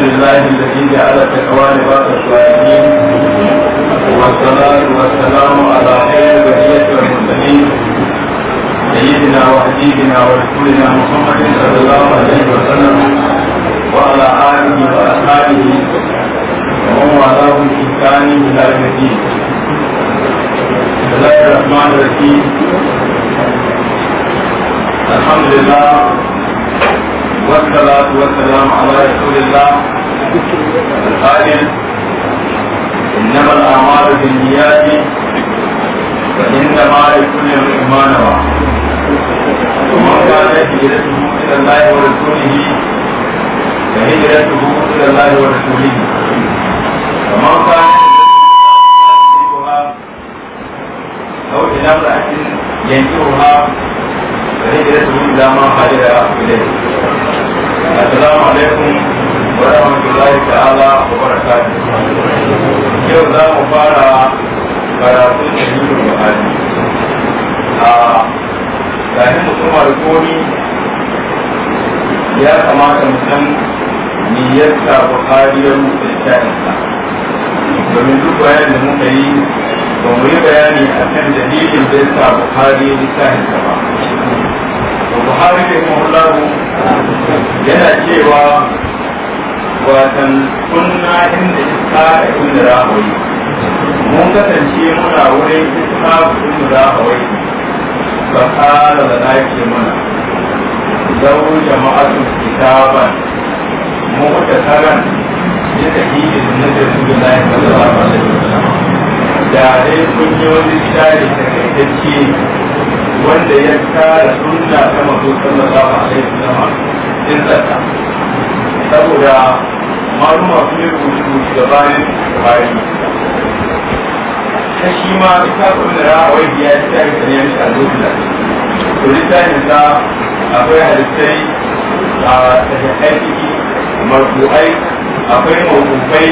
لله الذي جعل تقوى بعض الصالحين والصلاة والسلام على خير البرية المرسلين سيدنا وحبيبنا ورسولنا محمد صلى الله عليه وسلم وعلى آله وأصحابه ومن والاه في إلى يوم الدين بسم الله الرحمن الرحيم الحمد لله والصلاة والسلام على رسول الله القائل إنما الأعمال بالنيات فإنما لكل امرئ ما نوى ومن كان هجرته إلى الله ورسوله فهجرته إلى الله ورسوله ومن كان أو إلى امرأة ينكرها فهجرته إلى ما هاجر إليه assalamu alaikum wa rahmatullahi ta'ala wa barakatuh yau za mu fara karatu da yiwu buhari a tsarin mutumar komi ya kamata mu san niyyarsa buhari ya rufe shayansa domin duk bayanin da yi ba mu yi bayani a dalilin da ya ba buhari ne muhallaru yana cewa watan kunna inda iska da inda rahawai mun kasance muna wurin iska da inda rahawai ba kala da na ke mana zau jama'atu kitaban mu da taran ya tafi da sunnatu rasulullahi sallallahu alaihi wasallam da dai kun yi wani tsari takaitacce wanda ya kara sunna ta mafi sallallahu alaihi wasallam in tsaka saboda maluma su ne rubutu da bayan bayan ta shi ma ita kuma da wai biya ta yi sanya mishi alhamdulillah to littafin sa akwai halittai a tahiyar ciki marfu'ai akwai mawukufai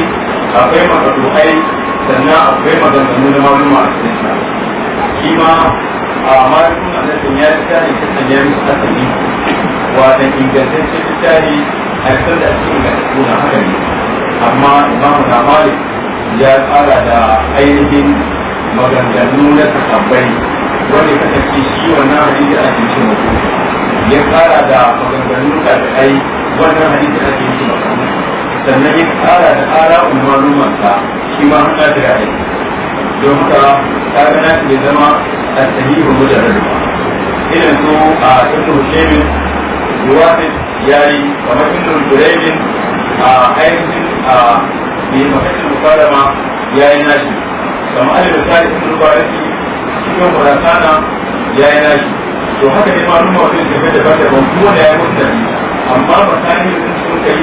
akwai makadu'ai sannan akwai maganganu na maluma a cikin sa shi ma amma sun annabin ya fi tare ta sanya musu asali wata ingantaccen littafi a kasar da ake ingantattu na haka ne amma imamu na malik ya tsara da ainihin maganganu na sahabbai wanda ya kasance shi wannan hadisi a cikin mutum ya tsara da maganganu da kai wannan hadisi a cikin mutum sannan ya tsara da ara umarnu manta shi ma haka da aiki don ka kaga na ke zama a sahihu mujarrad irin su a ibnu shaymin yuwasit yayi kamar ibnu juraymin a ainihin a bi mahaifin ya yi nashi kama kamar alibin sa'id ibnu baraki cikin ya yi nashi to haka ne ma nuna da tafiya daban-daban kuma da ya mutu amma ta yi sun kai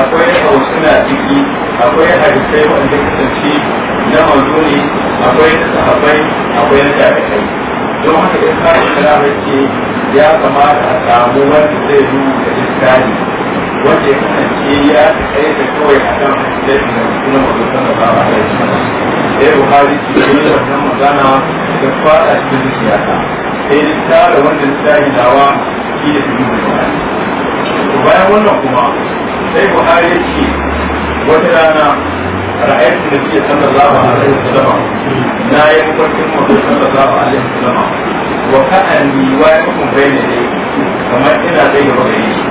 akwai hausa na ciki akwai hadisai wanda kasance na manzoni akwai da akwai na don haka da ka ce ya kamata a samu wanda zai rubuta iskani wanda ya kasance ya tsaye da kawai a kan hadisin da kuma mazautan da ba a sai buhari ce yi wannan magana da fada cikin siyasa sai da tara wanda yi dawa shi da su yi bayan wannan kuma sai buhari ce wata rana ra'aytu nabiyyi sallallahu alaihi wasallam na yi mafarkin mutum sallallahu alaihi wasallam wa ka'anni wa yakum bayna dai kamar ina dai gaba da shi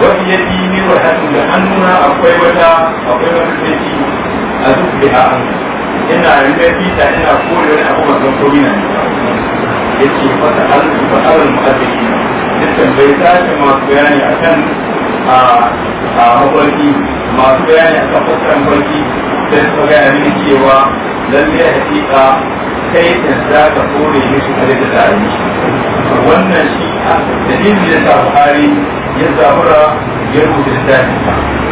wa yadi ni wa hadu da hannuna akwai wata akwai wata tsaci a zubi a an ina rubuta fita ina kore wani abu mai kamfori na yace fata al-fa'al mu'azzin dukkan bai tashi masu bayani akan a mafarki masu bayani akan fassarar mafarki sai suka gaya mini cewa lalle hakika kai ta za ka kore mishi kare da tarihi wannan shi a dalilin da ta buhari ya zabura ya rubuta littafi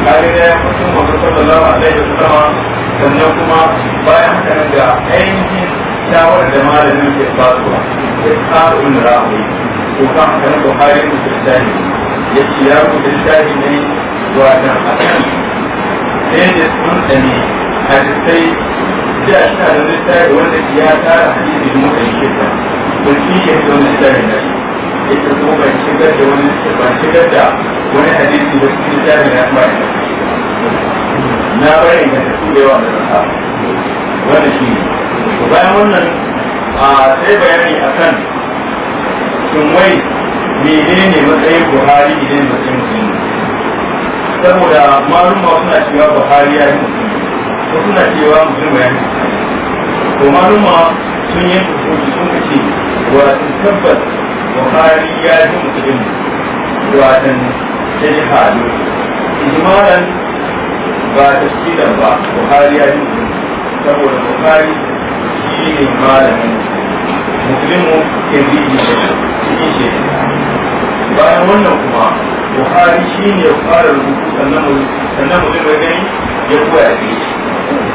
kare da ya fasu masu sallallahu alaihi wa sallama sannan kuma bayan haka nan ga ainihin shawarar da malamin ke basuwa ya tsara wani ra'ayi ko kan haka na buhari ya rubuta ya ce ya kuɗi shari ne zuwa nan a kan sai da sun tsani hadisai da shi da littafi wanda ya tara hadisi mu da shi ta kulki ya zo na na ko ban shigar da wani ban shigar da wani hadisi da suke shari na kuma da na bari ga su da yawa da rasa wanda shi bayan wannan sai bayani akan Sun wai menene matsayin buhari idan matsayin musulmi saboda ma suna cewa buhari ya yi musulmi ko suna cewa musulmi ya yi to ma sun yi hukunci sun ce wasu tabbas buhari ya yi musulmi watan ta ji hali ijmalan ba ta da ba buhari ya yi musulmi saboda buhari shi ne malamin musulmi yanzu yi shi cikin shi. bayan wannan kuma buhari shi ne ya fara rubutu sannan mu sannan mu zai gani ya koya da shi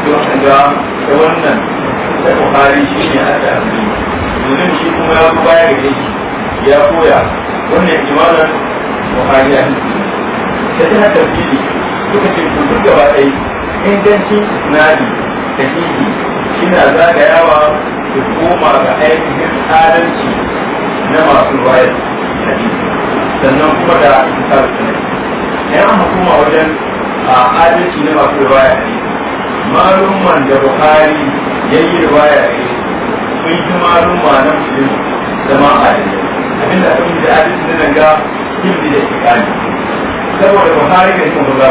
don ga ta wannan da buhari shi ne aka amfani domin shi kuma ya fi baya da shi ya koya wannan imanar buhari ya ta tana tafsiri suka ce ku duk gaba ɗaya ingancin sinadi da hihi shina zagayawa da koma ga aikin adalci na masu a hadisi sannan kuma da isar sanai yan hukuma wajen a adalci na masu riwaya ne malumman da buhari ya yi riwaya ne sun yi malumma na musulmi zama adalci abinda a yi da adalci na nan ga hindi da kani saboda buhari da kuma ba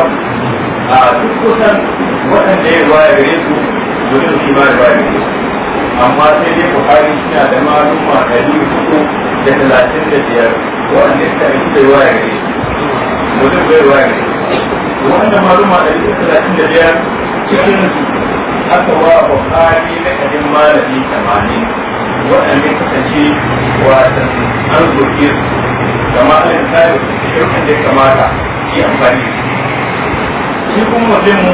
a duk kusan waɗanda ya riwaya gare su su yi ma riwaya ne amma sai dai buhari suna da malumma ɗari uku da talatin da biyar wanda ya kai kai waya ne mutum bai waya ne wannan maluma da yake talatin da biyar cikin aka wa bukari na kadin malami tamanin waɗanda kasance wata an zoke su kama alin tsarin da shirkin da ya kamata yi amfani da shi kuma mutum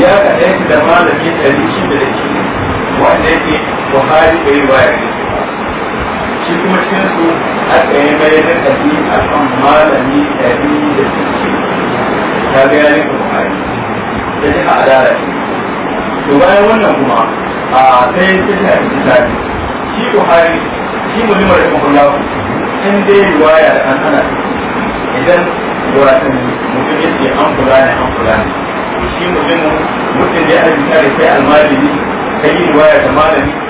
ya kaɗa yake da malami ɗari shida da shi wanda yake bukari bai waya ne shi kuma cikin su aka yi mai da kafi a kan malami ɗari da suke ta da ce to bayan wannan kuma a sai ta ta yi shi shi kuma in dai riwaya da an idan mutum an kula ne an kula ne shi mutum ya da almalami kai riwaya da malami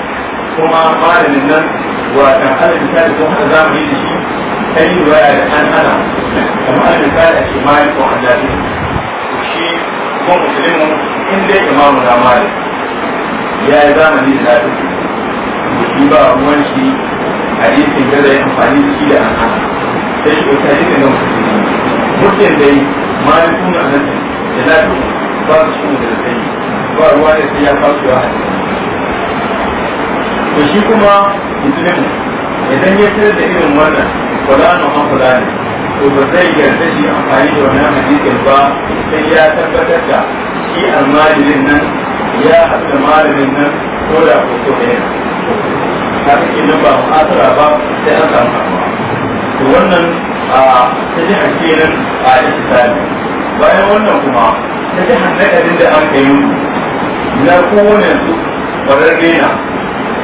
kuma malamin nan wata ala misali ko hada zamu yi da shi ta yi waya da an ana kamar ala misali a ce mali ko hadafi shi ko in dai imamu na mali ya yi zamani da lafi shi ba ruwan shi hadisin da zai amfani da shi da an ana sai shi ko hadisin da musulmi mutum dai mali tun da nan da lafi ba su shi da zai ba ruwa da sai ya to shi kuma musulmi idan ya sayar da irin wannan fulano an ne to ba zai yarda shi amfani da wannan hadisin ba sai ya tabbatar da shi almajirin nan ya haɗa malamin nan ko da ko ko ne ta fi nan ba asara ba sai an samu to wannan a ta ji nan a misali bayan wannan kuma ta ji hannakarin da an kai musu na kowane su ƙwararre na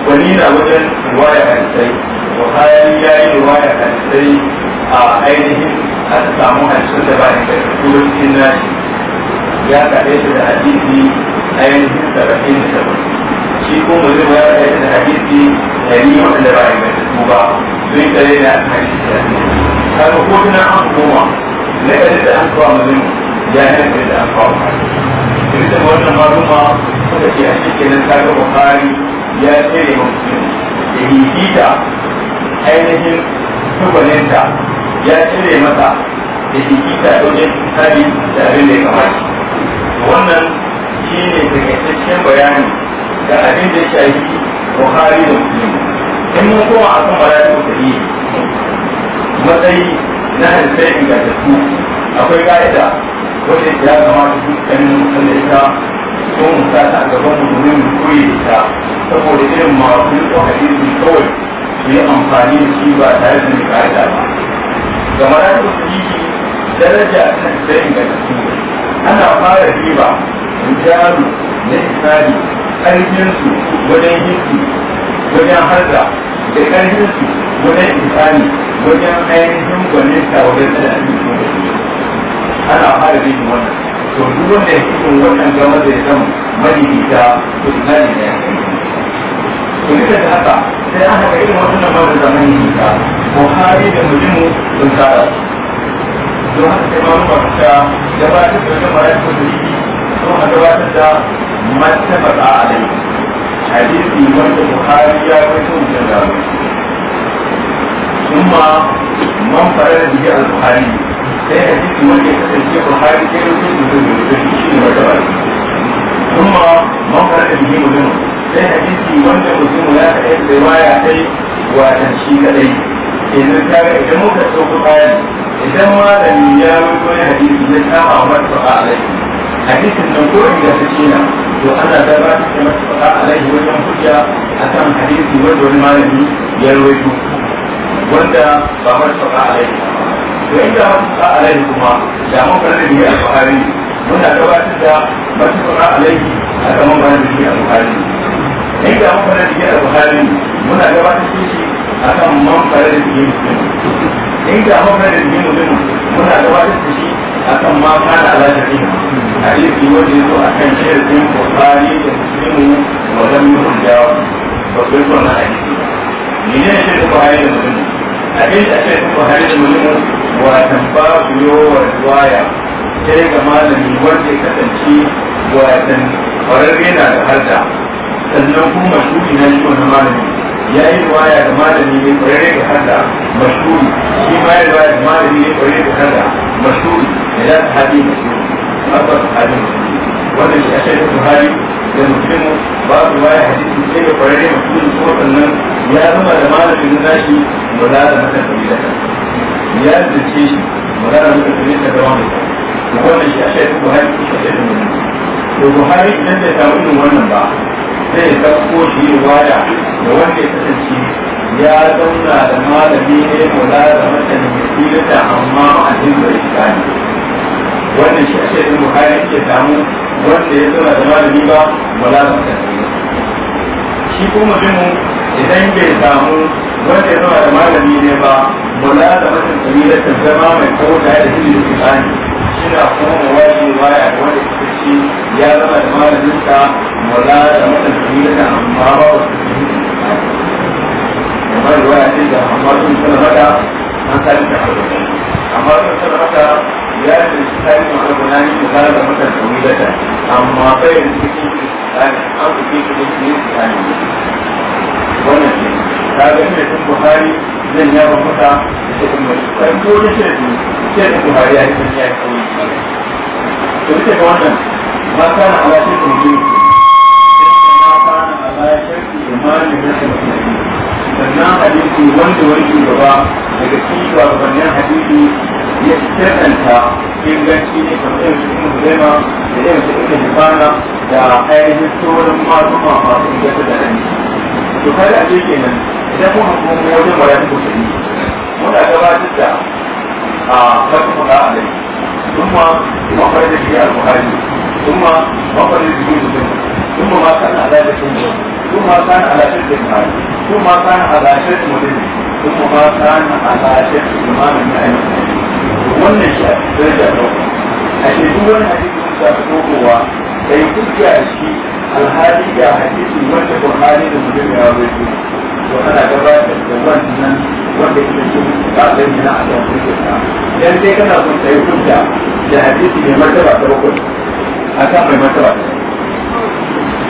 wani na wajen ruwaya hadisai buhari ya yi ruwaya hadisai a ainihin aka samu hadisun da ba da kuma cikin nashi ya kaɗe shi da hadisi ainihin saba'in da saba'in shi ko mutum ya kaɗe shi da hadisi ɗari wanda ba ingantattu ba sun yi tsare da hadisi da kaga ko tuna an koma na ƙarfi da an kawo mutum ya yi da an kawo mutum. Kirista wannan maruma suka ce a cikin kaga Buhari ya tsere wa mutum da ta ainihin tubalinta ya tsere mata da ta wajen tsari da abin da ya kamata wannan shi ne takaitaccen bayani da abin da shafi buhari da musulmi in mun koma a kan bayani da yi matsayi na hadisai ingantattu akwai ka'ida wajen ya kamata duk mutum musulmi ta ko mu ta gaban mu ne mu koyi ta saboda irin masu da hadisi kawai su yi amfani da shi ba tare da ka'ida ba ga maratu shi daraja ta tsayin ga su ana fara riba rijalu na isali ƙarfin su wajen hinsu wajen harza da ƙarfin su wajen isali wajen ainihin gwanin ta wajen tsanani ana fara riba wannan to duk wanda ya cikin wannan gama zai zama madidita to ina ne da ya to duka da haka sai an haka irin wannan ba da zaman ko buhari da mujimu sun tsara don haka sai ma ruwa ta gabatar da wani mara ko dalili don a gabatar da martabaka a dai hadisi wanda buhari ya kai sun da zaru kuma man fara da bihi al-buhari ثم مصدر الدين منه sai hadisi wanda mutum ya ta yin riwaya kai wa dan shi kadai yanzu ta ga idan muka sauko kayan idan malami ya rubuto ya hadisi ya kama masa ba alai hadisin nan ko inda ta ce na to ana da ba ta masa ba alai wajen hujja akan hadisi wanda wani malami ya rubuto wanda ba masa ba alai to inda masu sa kuma da man fara da biyu a buhari muna gabatar da masu sa alaihi a kan man fara da biyu a buhari inda man fara da biyu a buhari muna gabatar da shi a kan man fara da biyu musulmi inda man fara da biyu musulmi muna gabatar da shi a kan ma kana alajari hadisi wanda ya zo a kan shirin buhari da musulmi wajen mutum jawa ba su yi wannan hadisi ne ne shirin buhari da musulmi abin da ake kuma hari mu wa tamba su wa riwaya sai ga malami wanda ya kasance wa tan kwararre na da harda sannan kuma mashuri na shi wani malami ya yi riwaya da malami ne kwararre da harda mashuri shi ma ya riwaya da malami ne kwararre da harda mashuri da ya haɗi mashuri tabbas haɗi mashuri wannan shi a shaidar buhari da muslim ba su baya hadisi sai da kwararre mutum kuma sannan ya zama da malamin nashi mula da mata kabila ya zance shi mula da mata mai da wani wannan shi a shaidar buhari ko shaidar muslim to buhari idan bai samu irin wannan ba zai ɗauko shi waya da wanda ya kasance ya zauna da malami ne mula da mata kabila amma a jin bai shi wannan shi a shaidar buhari ke samu wanda ya da malami ba wala ba ta shi ko mutumin idan bai samu wanda ya zauna da malami ne ba wala da mutum tsamilar ta zama mai kauta da ilimin tsakani shina kuma mawaji waya da wanda ya ci ya zama da malaminsa wala da mutum tsamilar ta amma ba wasu ilimin tsakani kamar waya ce da amma sun sanar da an sa ta amma duk da haka ya da shi ta yi maka gunani da kare da mutan da ta amma bai da shi ke tsani an ku ke kuma shi ne wannan shi ta ga shi da buhari zan ya ba da shi kuma shi ta ko da shi da shi da buhari ya yi ya ko yi to ita ga wannan ma kana kuma shi ne ne na kana ala shi imani da sannan hadisi wanda wani gaba daga cikin wannan hadisi ya tsananta inganci ne kamar irin su ibn Hudaima da irin su ibn Hibana da ainihin sauran maluma masu ingata da hadisi to kai da ake kenan idan kuma kuma wajen wayar da kuɗi muna gabatar da a kasu kuma a kuma kuma da lai ثم مخرج kuma البخاري da shi a buhari ثم ما كان على ذلك ثم ما كان على شرك إبراهيم ثم ما كان على شرك مدين ثم ما كان على شرك إمام النعيم wannan shi daraja ɗauka a shi duk wani hadisi da ta fito kowa da yi kuski a shi alhali ga hadisi wanda burhani da ya da wannan wanda ke cikin ƙasar yana a kan kusurta idan sai kana son ka yi hujja da hadisi mai martaba ta bakwai a kan mai martaba ta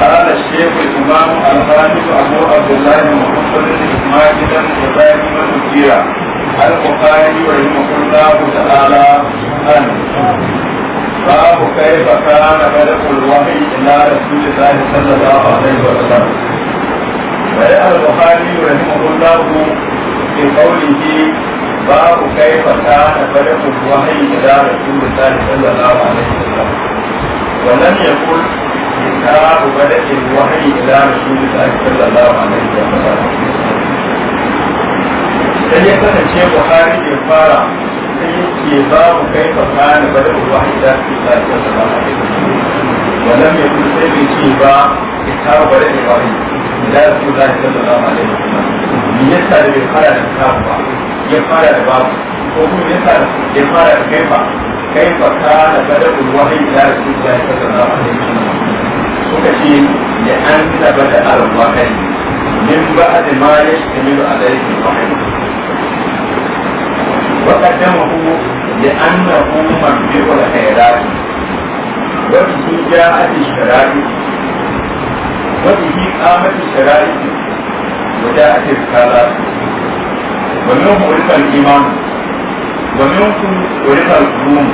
قال الشيخ الإمام الخالد أبو عبد الله محمد إسماعيل وزايما مديرا البخاري رحمه الله تعالى عنه باب كيف كان ملك الوحي إلى رسول الله صلى الله عليه وسلم ويرى البخاري رحمه الله في قوله باب كيف كان ملك الوحي إلى رسول الله صلى الله عليه وسلم ولم يقل كتاب بدء الوحي إلى رسول الله صلى الله عليه وسلم sai ya kasance buhari ke fara sai yake babu kai fa kana bada wahayi da su ta ta yi wannan mai kun sai bai ce ba ta bada da wahayi da su ta ta sama alaihi wasallam me yasa da bai fara da ta ba ya fara da babu ko kuma yasa ya fara da kai fa kai fa kana bada wahayi da su ta ta sama alaihi wasallam وكثير لأن ثبت على الواحد من بعد ما يشتمل عليه الواحد وقدمه لأنه مرجع الخيرات وبه جاءت الشرائع وبه قامت الشرائع وجاءت الرسالات ومنه عرف الإيمان ومنه عرف القلوب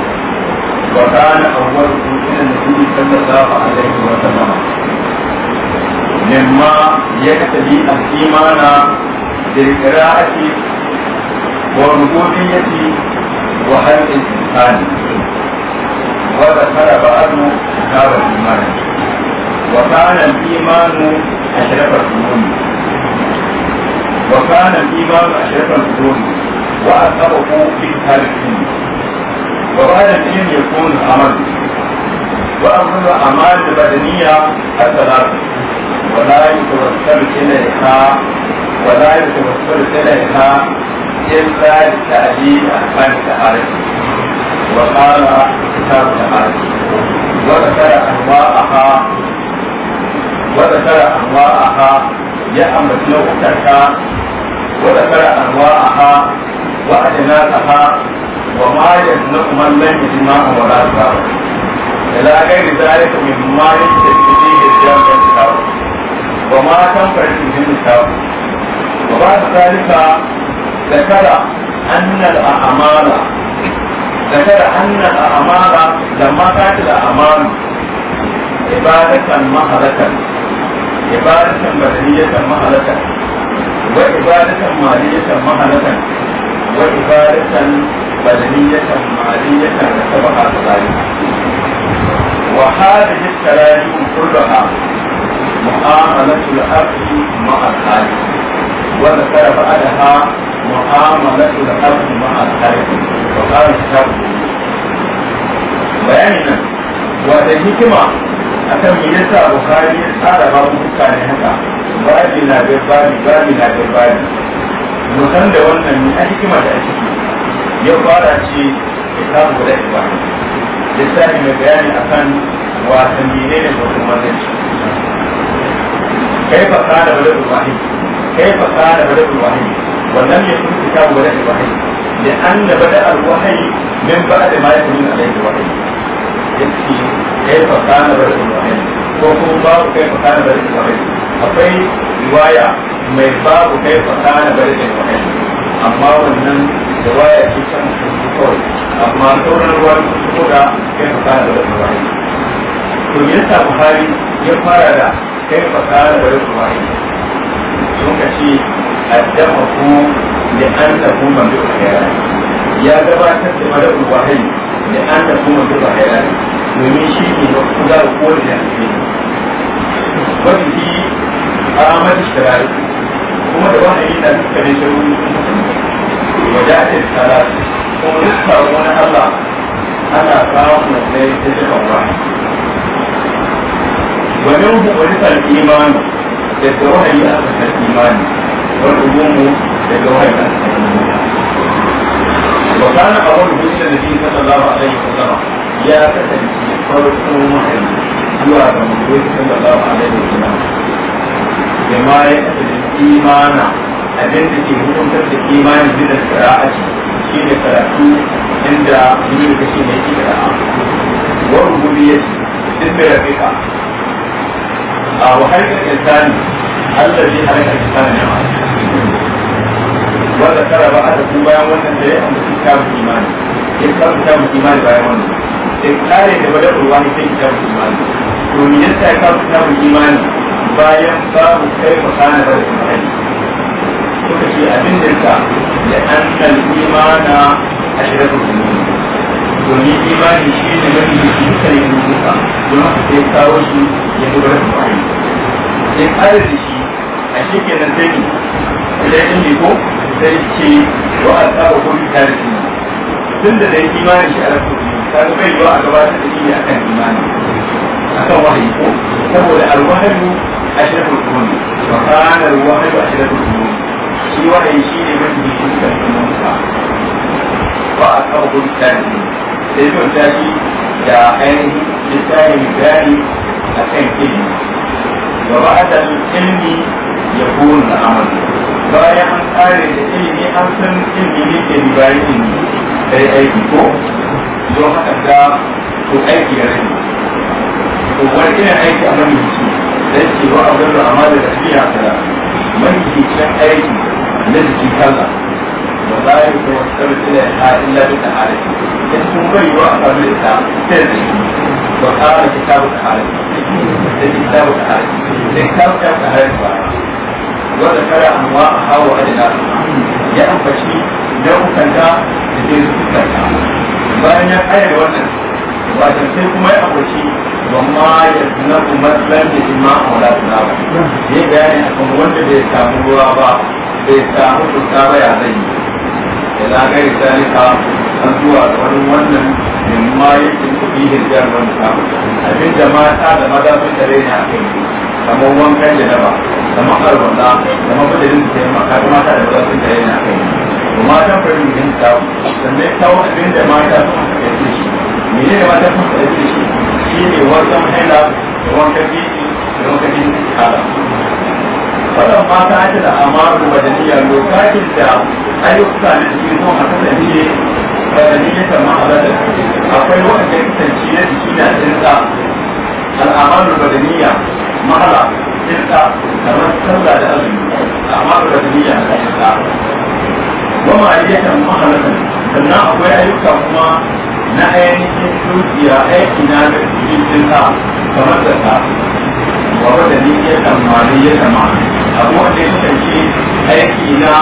وكان أول إلى تتساق عليه وتسامح مما يقتضي الإيمان بالقراءة والربوبية وخلق الإنسان وذكر بعض كتاب الإيمان وكان الإيمان أشرف الفنون وكان الإيمان أشرف الفنون وأثره في هذا العلم وبعد العلم يكون الأمر وأما الأعمال البدنية الثلاث ولا يتوسل إليها ولا يتوسل إليها إلا لتأديب أحكام التعارف وقال كتاب التعارف وذكر أنواعها وذكر أنواعها يأمر نوعتها وذكر أنواعها وأجناسها وما يزنق من لم يجمع ولا يزنق إلى غير ذلك مما يستفيد الجامع الكتاب وما تنفع به الكتاب وبعد ذلك ذكر أن الأعمال ذكر أن الأعمال لما كانت الأعمال عبادة مهلكة عبادة بدنية مهلكة وعبادة مالية مهلكة وعبادة بدنية مالية كتبها كذلك وهذه التراجم كلها معاملة الأرض مع الخالق وذكر بعدها معاملة الأرض مع الخالق وقال الشرط bayanin nan wata hikima a kan me yasa bukari ya tsara babu mutane haka babi na bai babi babi na bai babi musan da wannan ne a hikima da a ciki ya fara ce ya samu littafi mai bayani a kan wasanni ne ne mutum mazanci kai fa kada wani ruwahi kai fa kada wani ruwahi wannan ne sun fita wani ruwahi da an da bada alwahi min ba da ma yakun alai ruwahi yace kai fa kada wani ruwahi ko kuma babu kai fa kada wani ruwahi akwai riwaya mai babu kai fa kada wani ruwahi amma wannan da waya ke can mutum kawai amma sauran ruwa su koda kai fa da ruwayi to yasa buhari ya fara da kai fa kana da ruwayi sun ka ku da an da ku man da khairan ya gabatar da mara da an da ku man da domin shi ne da ku da ku da ke wani shi a amadi shirai kuma da wani yana da kare shi wajajen salatu kuma duk sabon Allah ana samun na zai ta ci kawai wani hukun wani sarki imani da ta wahayi a sarkar imani wani hukun mu da ta wahayi a sarkar imani wakana a wani hukun da jini kasa lawa a yi kasa ya kasance farko mahalli zuwa ga mutuwa kasa lawa a yi kasa lawa jama'a ya kasance imani abin da ke hukuntar da imanin da qira'a shi ne karatu inda yi da shi ne ya wa rububiyyati din da rafiqa a wa halka insani allazi halaka insani ne wa da tara ba da kuma bayan wannan da ya amsa kitabul imani ya san kitabul imani bayan wannan sai kare da bada ruwani sai kitabul imani to ne ya sa kitabul imani bayan babu kai makana da suka ce abin dirka da an imana a shirin musulmi domin imani shi ne mafi yake dukkanin rubuta don haka sai kawo shi ya zubar da kwari sai kare da shi a shi ke nan sai ne sai ne ko sai ce wa a tsaba ko ta da shi tun da dai imani shi a rasu ta ga bai yiwa a gabatar da shi akan imani akan wahayi ko saboda alwahayu a shirar musulmi alwahayu a shirar musulmi shi wahayi shi ne mafi shirka da manufa ba a kawo hulɗar ne sai mun tashi da ainihin littafin gani a kan ilimi gaba da ilimi ya burin na amal bayan an tsare da ilimi an san ilimi ne ke ribayi ilimi sai aiki ko don haka ga ko aiki ya rage ko wani ina aiki a manufa sai ce wa abin da amal da tafiya a aiki can aiki na jiki kansa ba za a yi kuma sabis ila ya illa bi ta hali in sun bai yiwa a samu da ita sai da shi ba a da kitabu ta hali da kitabu ta hali da kitabu ta hali ba wanda kara amma a hawa adina ya ambaci nau'ukan da da ke zuwa bayan ya kare wannan wajen sai kuma ya ambaci wamma ya suna matsalan da ima a wadatuna ba ne bayani a kan wanda bai samu ruwa ba bai samu kusa ba ya zai ya lagari zalika an zuwa da wani wannan mimma ya ce kuɗi hirjar wani samu abin da mata da maza sun tare ne a kai kamar wankan da daba kamar arwanda kamar madadin da taimaka da mata da maza sun tare ne a kai mata bari mu yin kawo sannan kawo abin da mata sun tare shi menene mata sun tare shi shi ne wankan haila da wankan biki da wankan biki kala wannan mata ake da amaru badaniya lokacin da ayyuka na jiki sun a kasance badaniya kama a ladar akwai wanda kasance na jiki na tsinta al'amaru badaniya mahala tsinta kamar sallah da azumi al'amaru badaniya na tsinta wama ayyukan mahala sannan akwai ayyuka kuma na ainihin dukiya aiki na da cikin sa kamar da ta ba da ni tamari ya tamari abu da ya kasance aiki na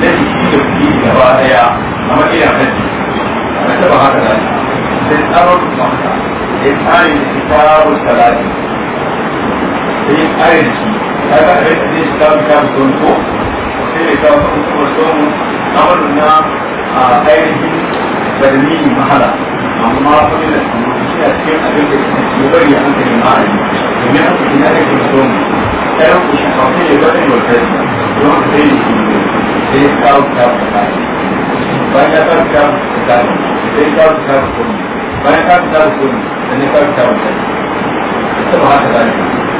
na jiki da kuɗi gaba ɗaya kamar ina kaji kamar ta ba haka da sai tsaron mata ya tsari da kitabun salati sai ya tsari da shi ta ga abin da zai shiga kitabun sun ko sai ya kawo kuma sun amurna a ainihin गर्मी महारा देश का उपचार प्रकार बैंक का उपचार प्रकार देश का उपचार कौन बैंक का उपचार कौन धन्य का उपचार होता है वहां से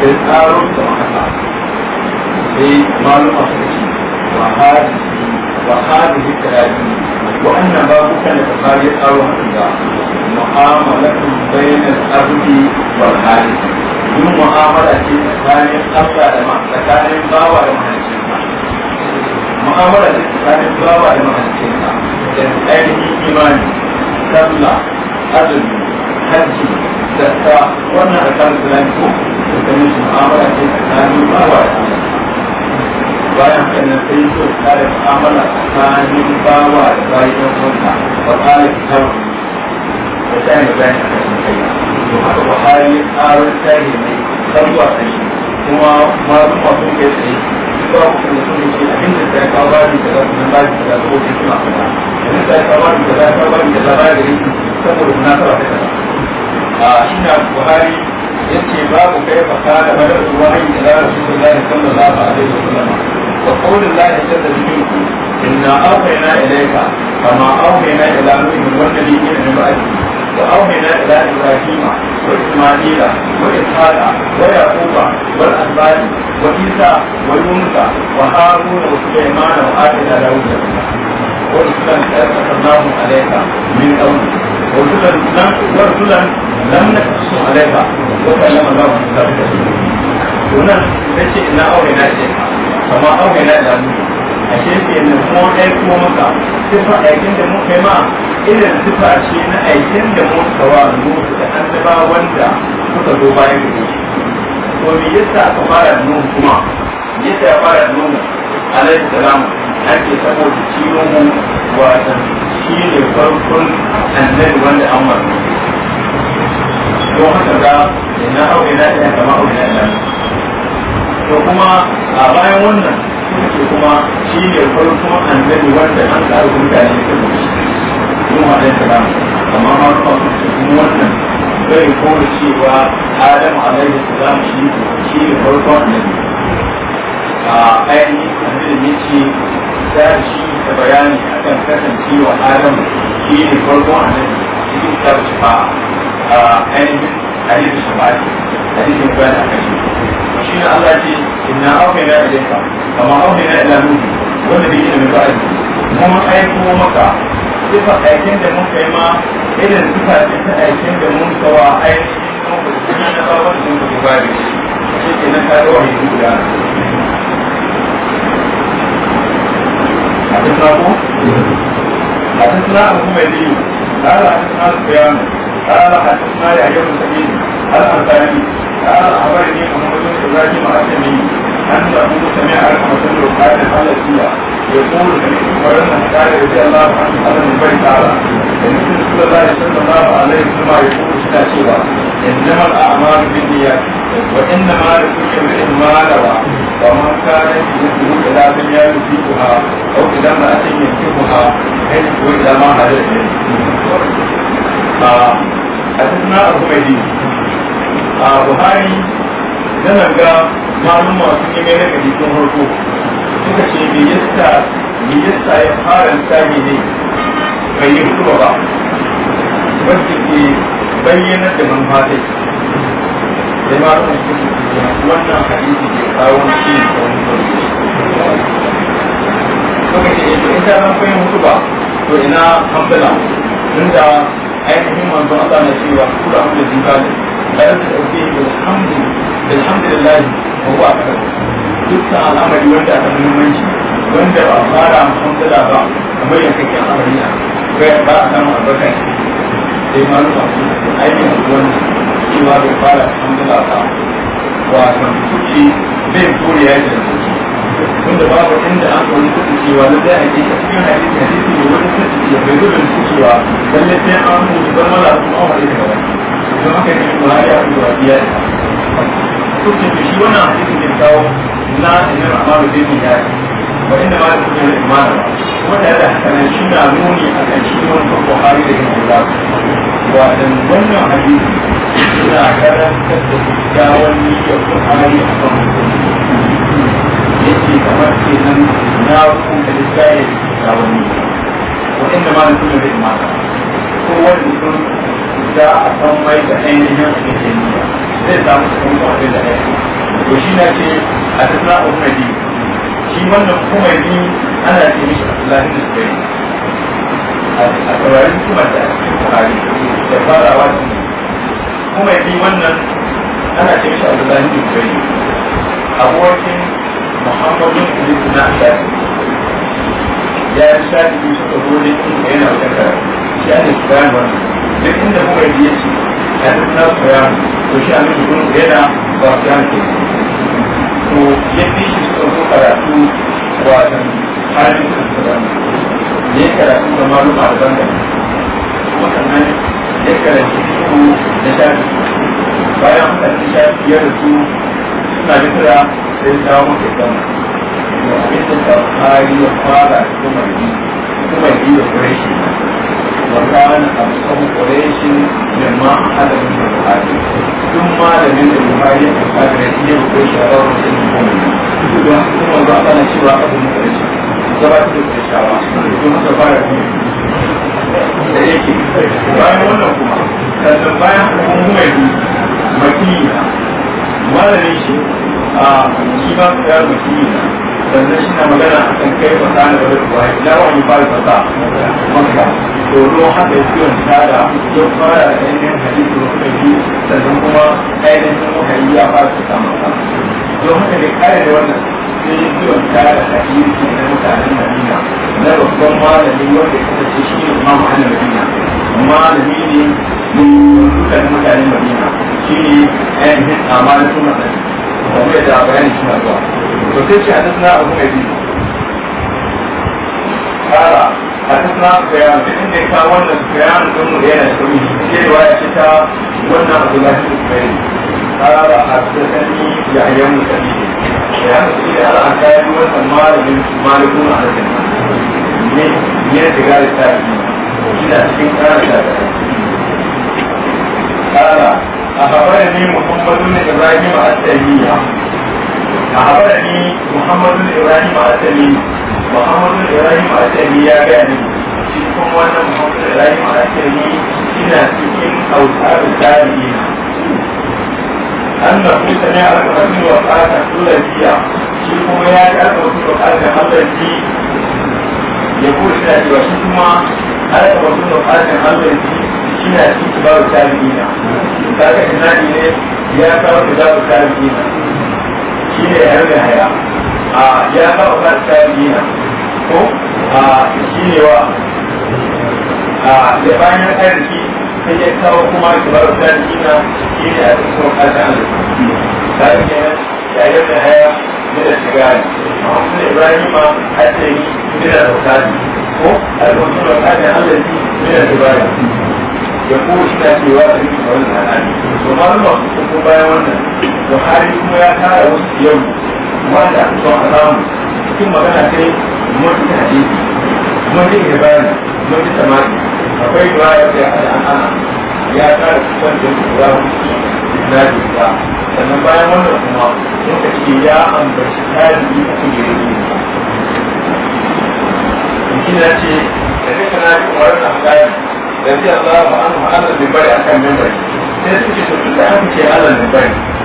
देश का आरोप वहां का मालूम वहां वहां भी कराएगी وأن باب كان البخاري أو هكذا معاملة بين الأرض والحارس دون معاملة تكاني أبدا لما تكاني باوى لمحلسينا معاملة تكاني باوى لمحلسينا تكاني إيماني سبلا أدل حجي زكاة وانا أكاد سلامكم تكاني معاملة تكاني باوى لمحلسينا bayan sannan sai so kare mu'amala tsakanin bawa da bayan wanda wa kare kan da sai da bayan kai to haka buhari ya karo sai ne kan zuwa sai kuma ma kuma ke sai ba ku kuma sun ce abin da sai kawo bari da zai nan bari da ko kuma kuma da sai kawo bari da sai bari da zai da shi saboda munasaba ta a shi buhari yace babu kai fa kana madar ruwayi ila rasulullahi sallallahu alaihi wasallam وقول الله جل جلاله إنا أوحينا إليك كما أوحينا إلى نوح والنبيين من بعده وأوحينا إلى إبراهيم وإسماعيل وإسحاق ويعقوب والأسباط وعيسى ويونس وهارون وسليمان وآتينا داود ورسلا أرسلناهم عليك من قومك ورسلا ورسلا لم نقصهم عليك وكلم الله في كتابك هنا تجئنا أوحينا إليك kama auka na da mutu a shirke da kuma aiko maka sifa aikin da muka ma irin sifa ce na aikin da muka wa nuhu da an zaba wanda suka zo bayan da shi to me yasa aka fara nuhu kuma yasa ya fara nuhu alaihi salam ake saboda shi mu wata shi ne farkon annabi wanda an marmari don haka ga ina auka na da kama auka na da mutu to kuma a bayan wannan sun kuma shi ne farkon annabi wanda an ƙara mutane da kuma shi yin wa ɗaya salam amma ma kuma sun wannan bai kone cewa adam alaihi salam shi shi ne farkon annabi a ainihin annabi ne ce za shi da bayani akan kasancewa adam shi ne farkon annabi shi ne ta wuce ba a ainihin hadisi shabari hadisin bayan a kashi da Allah ce inna auhayna ilayka kama auhayna ila nuhi wanda bi ilmi ba'd mun aiko maka sifa aikin da mun kai ma irin sifa ce ta aikin da mun kawa aiki kuma na babar da mun ba da shi ke na kare wa yi guda حدثنا أبو حدثنا أبو مدي قال حدثنا سفيان قال حدثنا يحيى بن سعيد الأنصاري قال إبراهيم الأسلمي أن أبوه سمع رحمة الرقاد الحلبية يقول سمعت مرنا قال رضي الله عنه هذا من بيت تعالى إن رسول الله صلى الله عليه وسلم يقول شنا سوى إنما الأعمال بالنيات وإنما لكل امرئ ما نوى ومن كان يجده إلى دنيا يصيبها أو إلى امرأة ينكحها يجده إلى ما حدث حدثنا أبو مدين بخاري yana ga malum masu neman yadda gari sun harko suka ce me yasa me yasa ya fara tsari ne bai yi kuma ba wanda ke bayyana da manfatai sai malum su wannan hadisi ke kawo shi da wani suka ce in ta zan fahimta ba to ina hamdala tunda ainihin manzo Allah na cewa kula da zingali da da ɗauke da hamdala alhamdulillah ba ku dukkan al'amari wanda aka muhimmanci wanda ba fara ba kamar kake ba a samu albarka ne sai ma aikin cewa bai fara ba wato kuci kore ya kuci wanda babu inda an kawo kuci cewa cikin hadisi hadisi ne wani kuci ya bai da sai an mutu zama wani da wani kuma ya fi wa hukuncin su shi wannan hadisin da kawo na inna amalu bin niyati wa inna ma yakun al iman kuma da da hakan shi na nuni akan shi wannan bukhari da muslim wa dan wannan hadisi yana karantar da kyakkyawan niyyar bukhari akan yake kamar kenan na hukunta littafin kyakkyawan niyya wa inna ma yakun al iman ko wani mutum za a san mai da ainihin abin da zai samu cikin kwanin da ya to shi na ce a tattara umari shi wannan umari ana ce mishi abdullahi da suka yi a saurarin kuma da cikin kwanin da farawa su ne yi wannan ana ce mishi abdullahi da suka yi abokin muhammadun kulisu na shafi ya yi shafi yi suka gode kuma yana wajen karatu shi ne su wannan duk inda yi ya ce a tattara su to shi an yi kuma yana ba shi an ke to ya fi shi suka zo karatu wajen halin sassaban ya karatu da maluma da kuma waɗannan ya karanci su da shafi bayan mutane shafi ya rasu suna da kira sai ya dawo mafi gama da abin da ta fari ya fara kuma yi kuma yi da shi. وكان أبصر قريش مما أحد من البخاري ثم لمن البخاري أخذ يتيه قريش أرى رسل المؤمنين ثم ضعنا شراء أبو قريش زبط قريش أرى ثم تبارك قريش yake bayan wannan kuma sannan مكينة hukumar makiya malamin shi a sannan shi na magana a kan kai fasa na bari kuwa ila wani fara fasa maka domin haka ya ciwon tada ya fara da ainihin hadisi da kuma yi sannan kuma ainihin muka yi ya fara fasa maka don haka ne kare da wannan sai ya ciwon tada hadisi na mutanen Madina na babban malami wanda ya kasance shi ne ma mutanen Madina malami ne dukkan mutanen Madina shi ne ainihin amalin suna da kuma da bayanin suna zuwa وتيجي حدثنا أبو أبي قال حدثنا سفيان بإن كان وانا سفيان ثم لينا سوي في رواية شتاء وانا عبد الله بن سفيان قال حدثني يحيى بن سعيد يحيى بن سعيد على حكاية وانا مال بن مالك بن عبد ne ne shiga da tafi ina cikin kana da kala a haɓar ne muhammadu ne ibrahim a tsariya a haɗa ni muhammadu ibrahim a asali muhammadu ya gani shi kuma wannan muhammadu ibrahim a asali ina cikin autaru tarihi an da kusa ne a ƙarfi wa ƙasa tulajiya shi ya ƙarfa su wa ƙasa halarci na cewa shi kuma an ƙarfa su wa ƙasa halarci cikin bawa tarihi na ƙasa ina ne ya ƙarfa su bawa tarihi na shi ne ya rage haya a ya ga ba ta yi ko a shi ne wa a da bayan arziki sai ya kawo kuma kibar ta yi na shi ne a cikin kasa arziki ta yi kenan ya rage haya da shiga ne amma ibrahim a ce yi da rokani ko a lokacin rokani arziki da dubara ya ko shi na cewa da yi kawai da hanani to ma ruwa ko bayan wannan buhari kuma ya tara wasu yau wanda aka son a samu cikin magana sai mun ta hadisi mun ta ibani mun ta samari akwai riwaya da al'ana ya tara kusan da kura na duka sannan bayan wannan kuma mun ce ya ambaci tarihi a cikin yanzu shi na ce da duka na bi umarar da hankali da zai Allah ma'anu ma'anar a akan mimbari sai suke tuntun da aka ce Allah mimbari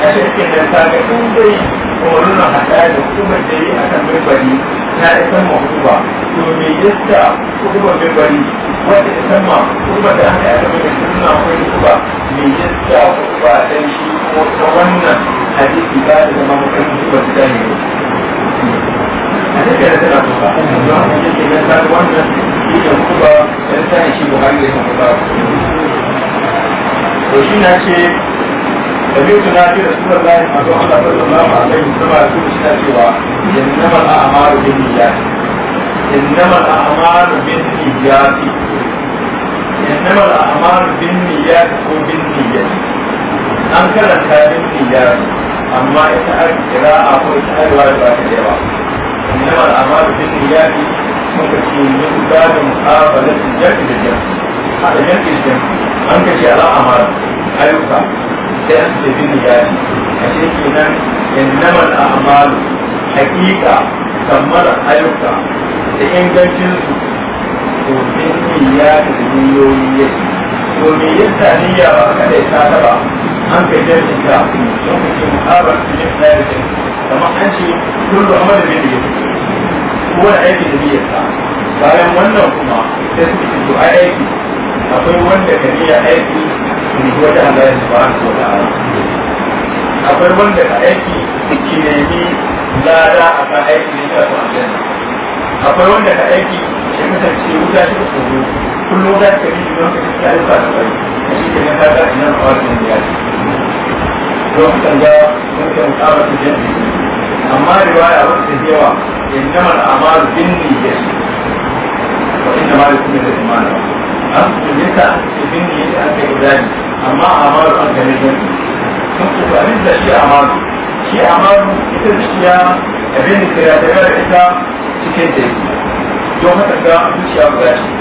a cikin da ta ga kun dai horon hada da hukumar da yi akan mimbari na isan mahuba to me yasta hukumar mimbari wanda ya sama hukumar da aka yi akan suna akwai hukuba me yasta hukuba dan shi ko ta wannan hadisi ba da zama mukan hukubar da ne a cikin da tana hukuba don haka yake na ta wannan shi ne hukuba dan ta shi buhari da hukuba to shi na ce سمعت ناجي رسول الله صلى الله عليه وسلم يقول سوى انما الاعمال بالنيات انما الاعمال بالنيات انما الاعمال بالنيات وبالنيات an karanta min niyar amma ita an kira a ko ita an ba ta yawa innama al'amalu bin niyar muka ce min babin muqabalat jami'i da sai an ce bin niyati a shi kenan innamal a'malu haqiqa kammala ayyuka da ingancin su to bin niyati da niyoyi yake to me yasa niyya ba ka dai ta ba an kai da ita don ku ce muhabar su yin tsari da kamar an ce kullu amal bin ko wani aiki da niyyarsa bayan wannan kuma sai su ce to ai aiki akwai wanda ka niyya aiki rigo da Allah ko subhanahu wa akwai wanda ka aiki ki nemi lada a kan aiki ne ta zuwa aljanna akwai wanda ka aiki shi kasance wuta shi ka tsoro kullum wuta ka bi don ka kasance ayyuka da kai a shi ke nan kaga ina na wajen da ya ce don ka ga don ka tsara su jami'i amma riwaya wata da yawa innama al'amalu bin niyyah wa innama likulli imani an su yasa bin niyyah aka yi zalimi amma amaru an gane gani sun ku ba da shi amaru shi amaru ita zuciya abin da ya tare da ita cikin da yake don haka ga zuciya guda ce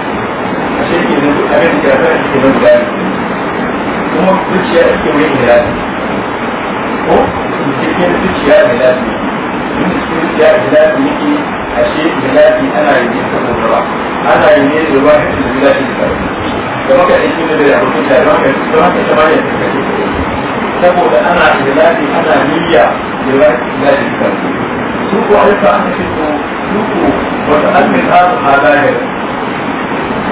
a shi ke nan abin da ya tare da ita guda kuma zuciya ake mai ilahi ko cikin zuciya ilahi in cikin zuciya ilahi yake a shi ilahi ana yi ne saboda ba ana yi ne da wahidin ilahi da karfi da maka aiki da da abokin da don haka don haka ta ma ne ta saboda ana lillahi ana niyya lillahi lillahi ta su ko ai fa an ce ko su ko wata almin azu halahir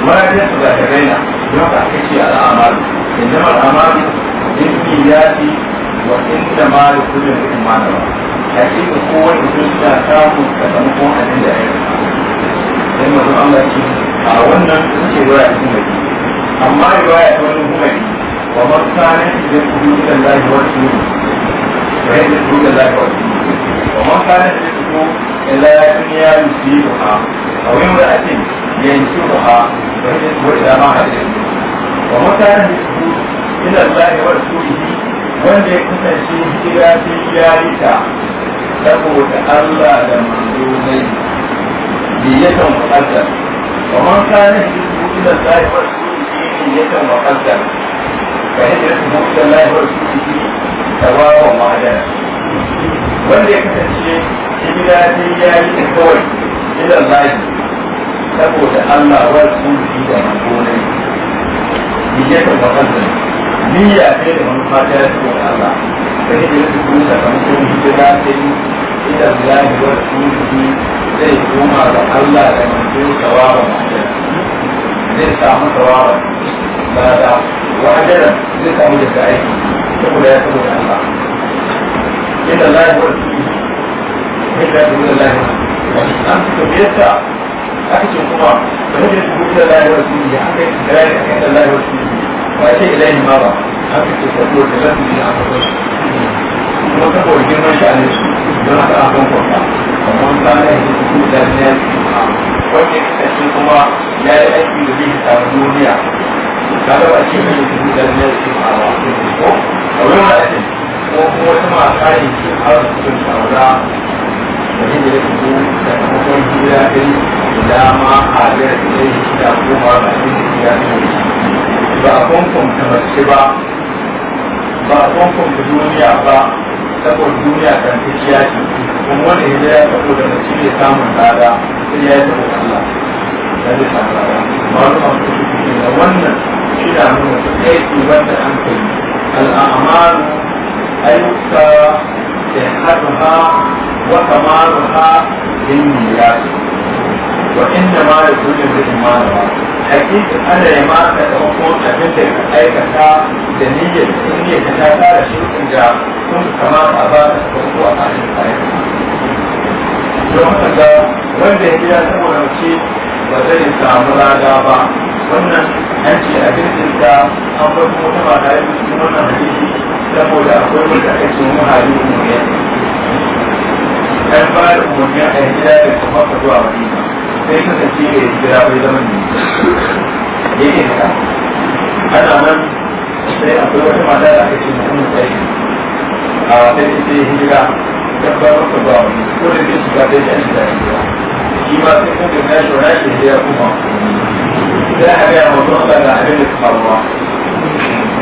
ma ya su da raina don haka aka ce al'amalu innama al'amalu binniyati wa innama likulli imrin ma nawa hakika kowane mutum suna samun sakamakon abin da ya yi sai mutum Allah ce a wannan ce ruwa ya kuma yi أما رواية الهمري ومن كانت يدعو إلى الله ورسوله فهي تدعو إلى الله ورسوله ومن كانت تدعو إلى دنيا يصيبها أو امرأة ينكبها فهي تدعو إلى ما حدث ومن كانت تدعو إلى الله ورسوله wanda ya kasance hijira sai ya yi ta saboda Allah da manzo zai biyatan mu'azzar wa man kana hijira ila Allah wa rasulihi نية المقدم فهجرة موسى الله ورسوله سواء ومعدنا wanda ya kasance hijira sai ya yi ta kawai ila lahi saboda Allah wa rasuluhu da manzonai niyya ta makaddam niyya ce da manufa ta saboda Allah da hijira ta kuma sakamakon hijira sai ila lahi wa rasuluhu zai koma ga Allah da manzon sawawa ma'adana zai samu tsawawa ba da wa'adaran zai samu da aiki saboda ya saboda Allah yadda Allah ya wani yadda ya saboda Allah an fito biyarsa aka ce kuma ba ne da Allah ya wani ya aka yi tsirrai a kan Allah ya wani ba ce ilahi ma ba aka ce saboda lafi ne aka kai kuma saboda girman a su don haka an kan kwanta amma an tsara ya da ya wanda ya kasance kuma ya yi aiki da zai duniya ga da ake yi da su da ne su a ko a wurin da ko kuma wata ma kare shi a cikin saura da ne ya fito da kuma kuma hira din da ma a da ya fito da kuma ba shi da ya fito ba a kwankwanta mace ba ba a duniya ba saboda duniya kan ta ciya ce kuma wani hijira saboda mutum ya samun tsada sai ya yi saboda Allah ya zai samu tsada ma'aru a mutum su ke da wannan shi da nuna su kai su wanda an kai al'amaru ayyuka da haɗuha wa kamaruha ilmi ya ce wa inda ma da kullum da imanawa hakikin ana ya maka da hukun abin da ka aikata da niyyar sun niyyar ka ta tara shi inda kun kamata a ba ka farko a kashin kayan don haka ga wanda ya biya ta mace ba zai samu lada ba wannan an ce abin da an bar kuma ta ba tare da cikin wannan hadisi saboda akwai wanda ake cin muhalli ne an ba da umarni a yanzu da kuma zuwa wani sai kasance ya jira bai zama ne yake haka ana nan sai akwai wata mata da aka ce mutum sai a wata ce sai hijira ta bar wata ba wani ko da ke shiga sai jan shiga hijira shi ma sai kan gina shi wani shi hijira kuma sai a gaya mutu Allah ga abin da ta faruwa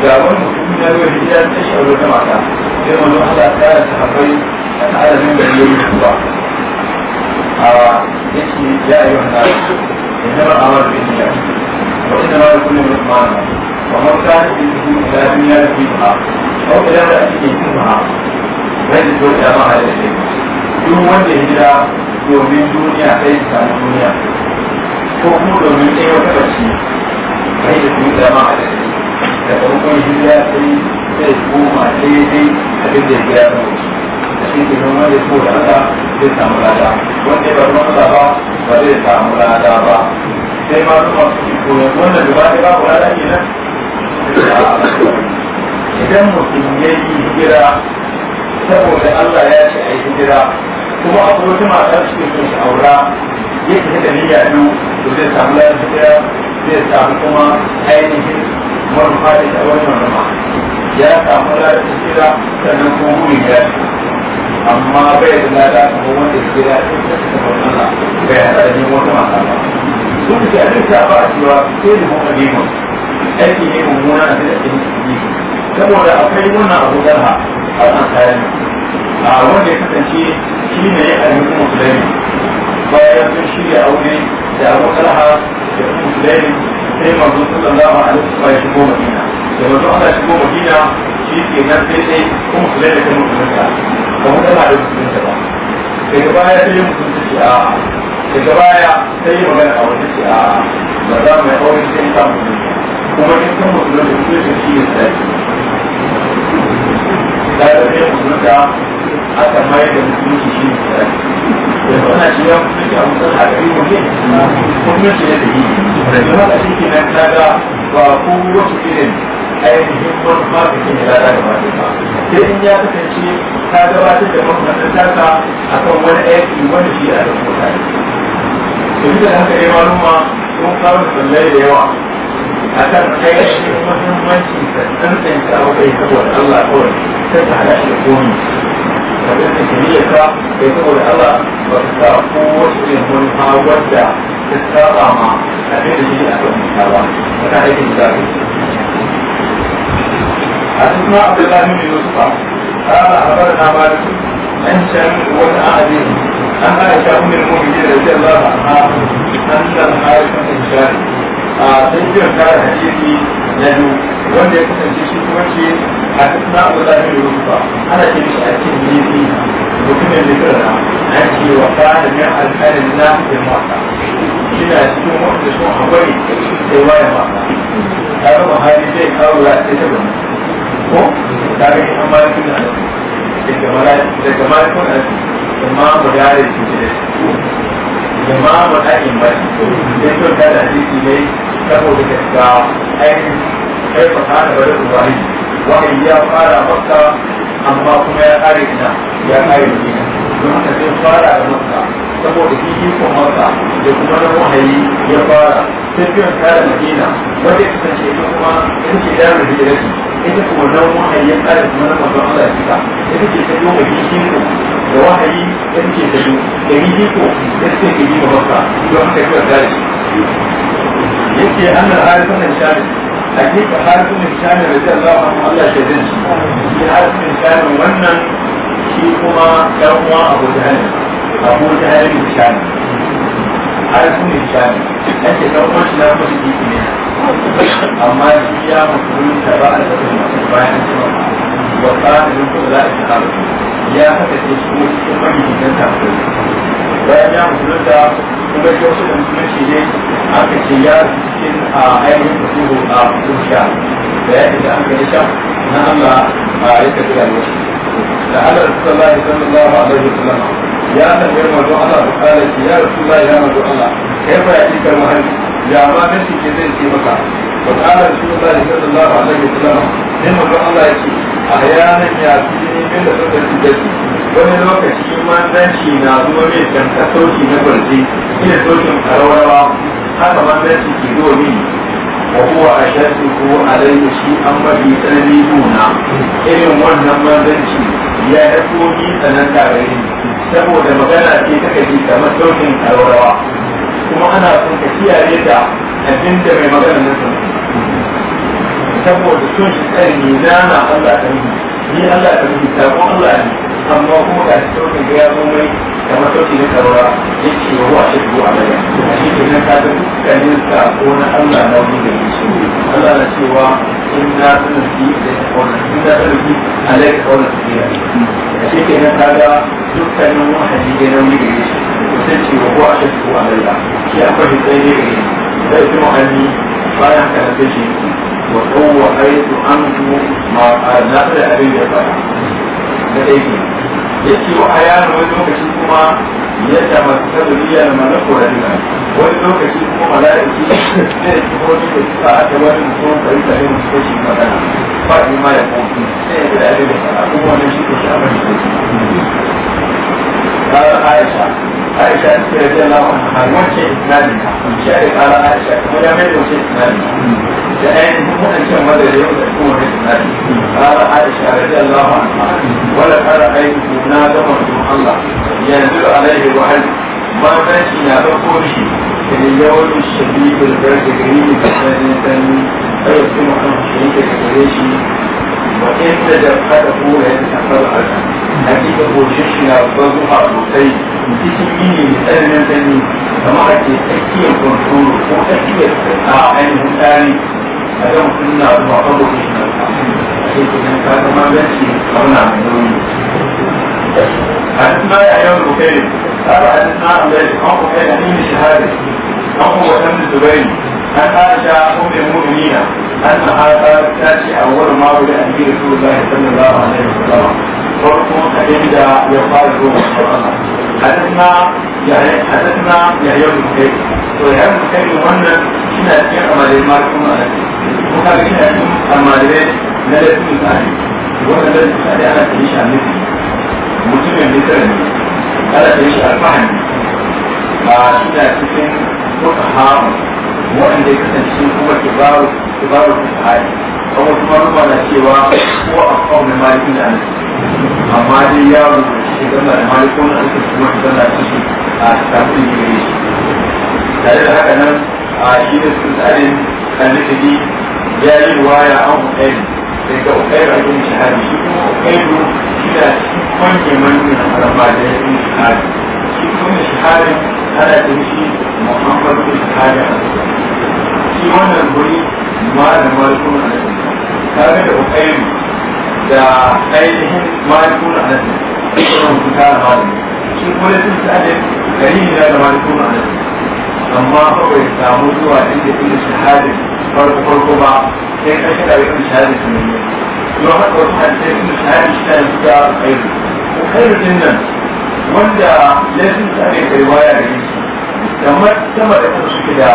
ga wani mutum na ruwa hijira ta shi a wata mata sai wani Allah ta yi ta haɓari a ta'adamin da ya yi kuwa hawa yake ya yi wannan innama amar duniya wa innama da kullum musulmanu wa man kana fi cikin ila duniya da fi ba wa ila da ake yi ba bai da dole ma a da shi duk wanda ya jira domin duniya sai ya samu duniya ko kuma domin ɗaya wata bacci bai da dole ma a da shi da farkon hijira sai sai koma daidai abin da ya gida na wuce shi ke noma da ko da ta zai samu lada wanda ba ruwan Allah ba ba zai samu lada ba sai ma ruwan su ko ya wanda gaba da babu lada ke idan mutum ya yi hijira saboda Allah ya ce a yi hijira kuma akwai wata mata su ke son aura ya fita da niyya biyu to zai samu lada hijira zai samu kuma ainihin marufa da tsawon marufa ya samu lada hijira sannan kuma gudun amma bai da lada kuma wanda ya gida ɗin da suka faɗa bai haɗa da neman wata mata ba sun ce abin ta ba a cewa sai da mun abima aiki ne mummuna a cikin ciki saboda akwai wannan abu darha a kan kayan a wanda ya kasance shi ne a yankin musulmi bayan sun shirya aure da abu darha da musulmi sai manzo sallallahu alaihi wasallam ya shigo madina da manzo Allah shigo madina shi ke nan sai sai kuma musulmi da musulmi kamar tana da musulunta ba daga baya sai yi musulunta ce a daga baya sai yi magana a wata ce a ba za mu yi aure sai ta musulunta kuma in sun musulunta su ne shi ne sai da da ne musulunta aka mai da musulunci shi ne sai da wannan shi ya musulunci a musulunta a gari mu ne musulunci ne da yi da jama'a shi ke nan kaga ba ko wasu irin ainihin wani maganin da lada da mace ba sai in ya kasance ta gabatar da makamantar taka a kan wani aiki wani shi a da mutane da haka ya ma sun kawo sallai da yawa a kan ainihin mahimmanci da tsantsanta abubuwa saboda Allah kawai sai ta hada shi da komi abin da ke niyyar ta kai saboda Allah ba ka sa ko wasu irin wani ma wadda ta saba ma abin da shi a kan mutane ba ta aikin da حدثنا عبد الله بن يوسف قال اخبرنا مالك عن شام عن عائشه ام المؤمنين رضي الله عنها ان بن كان حديثي a kasna abu da ne rufa ana ce shi a cikin yifi mutumin da kira na ce wa kana min alƙalin na ya mata ina cikin zai kawo ko ta ga shi amma shi da daga malaiku daga malaiku da amma mu dare shi da shi mu da in ba sai to da ne saboda ta da wani ya fara makka amma kuma ya kare ina ya kare don sai fara da makka saboda shi makka da kuma ya fara sai madina wanda ya kasance da ita ce wannan wahayi ya tsara kuma na manzon Allah ya fita ita ce ta yoma gishin ku da wahayi ita ce ta yi da gishin ko ita ce ta yi mabaka don haka kuwa da shi yake an da harsun nan shari hakika harsun nan shari da zai Allah kuma Allah ya zai shi shi nan shari wannan shi kuma ɗan abu da hali abu da hali shari harsun nan shari ake ɗan shi na musu ne amma shi ya mutunta ba a da mutum bayan cewa wa tsarin ko za a ci ya haka ce shi kuma cikin mahimmancin bayan ya kuma shi wasu da mutunci ne aka ce ya cikin a ainihin fasihu a kusha da ya an gani na Allah a da Allah da ya Allah ya ya ma nasi ke zai ce maka wa qala rasulullahi sallallahu alaihi wasallam sai manzo Allah ya ce ahyanan ya fi ne min da sabbi da wani lokaci manzanci na zuwa mai tanka sauki na barci ina saukin karawarwa haka manzanci ke zuwa mini wa huwa ashaddu alayhi shi an mafi tsanani nuna irin wannan manzanci ya yi komi tsananta gare saboda magana ce ta kaji kamar saukin karawarwa kuma ana son ka kiyaye da abinda mai magana mutum saboda son shi tsari ne na na Allah ta yi ni Allah ta yi sabon Allah ne amma kuma ga sauki ga ya zo mai kamar sauki na karora ya ce wa wa shirku a baya a shi ke nan kada dukkanin sako na Allah na wani da shi Allah na cewa in na sanar fi da ta kauna in na sanar fi a laifin kauna su biya a shi ke nan kada dukkanin wahayi da nauyi da shi sai ce wa ko a shi ko a laila shi a fahimci sai ne da ita muhalli bayan ka sai shi wa kowa aitu an su ma a nasu da abin da baya da aiki ya ce wa ayanu wani lokaci kuma ya ta masu kaduriya da mana ko rarina wani lokaci kuma mala'iki zai ci wani da suka a mutum da kashi magana ba ya kofi sai ya da abin da baya kuma wani shi ko shi a mashi قال عائشة عائشة رضي الله عنها وجه إسلامها شعر قال عائشة ولا من وجه إسلامها لأن هم أنشأ مدى اليوم تكون إسلام قال عائشة رضي الله عنها ولقد رأيت منادى الله ينزل عليه وحده ما ماشي نابقوا به اليوم الشديد البرد الغريب الثاني الثاني فيكون عنه شريك الكريشي inda da kada ko ya ta fara haka hakika ko shi na bazu a sosai cikin yini ne tsananin sanyi kamar ake tsakiyar kwantoro ko tsakiyar a ainihin tsari a kan kunna kuma kwabo shi na قال حدثنا عن ذلك عن بكير عن ابن شهاب عن هو an aisha kuma yin mu'mina an na haka ta ce a wani maro da ake da suna ya sanya za a wani yanzu zama farko a inda ya fara zuwa kwarana hadisna yayin hadisna yayin mutai to yayin mutai da wannan shine a cikin amalin marko na ake kuma ka gina yin amalin na laifin mutane wannan da suka da ana tafi a nufi mutumin nisan ne ana tafi a fahimta ba shi da cikin kuka hamu wanda ya kasance kuma kibaru kibaru fuqaha kuma kuma ruba na cewa ko a kawo mai maliki da amma dai ya rubuta shi ga mai maliki ko an kasance kuma kibaru na shi a tafsirin da yake tare da haka nan a shi ne sun tsare kalli ya yi waya an hukai daga hukai a yin shahari shi kuma hukai do shi da shi kwanye na harama da ya yi shahari shi kuma shahari ana da shi muhammadu shahari a shi wannan guri malama suna anas tare da ukairi da ainihin shi kuma sun da dalili da malikuna anas amma ba bai samu zuwa inda inda shahadin farko farko ba sai ka da wani shahadin su ne don haka wasu sun shahadin shi da din nan wanda ya sun da riwaya da shi kamar sama da kuma suke da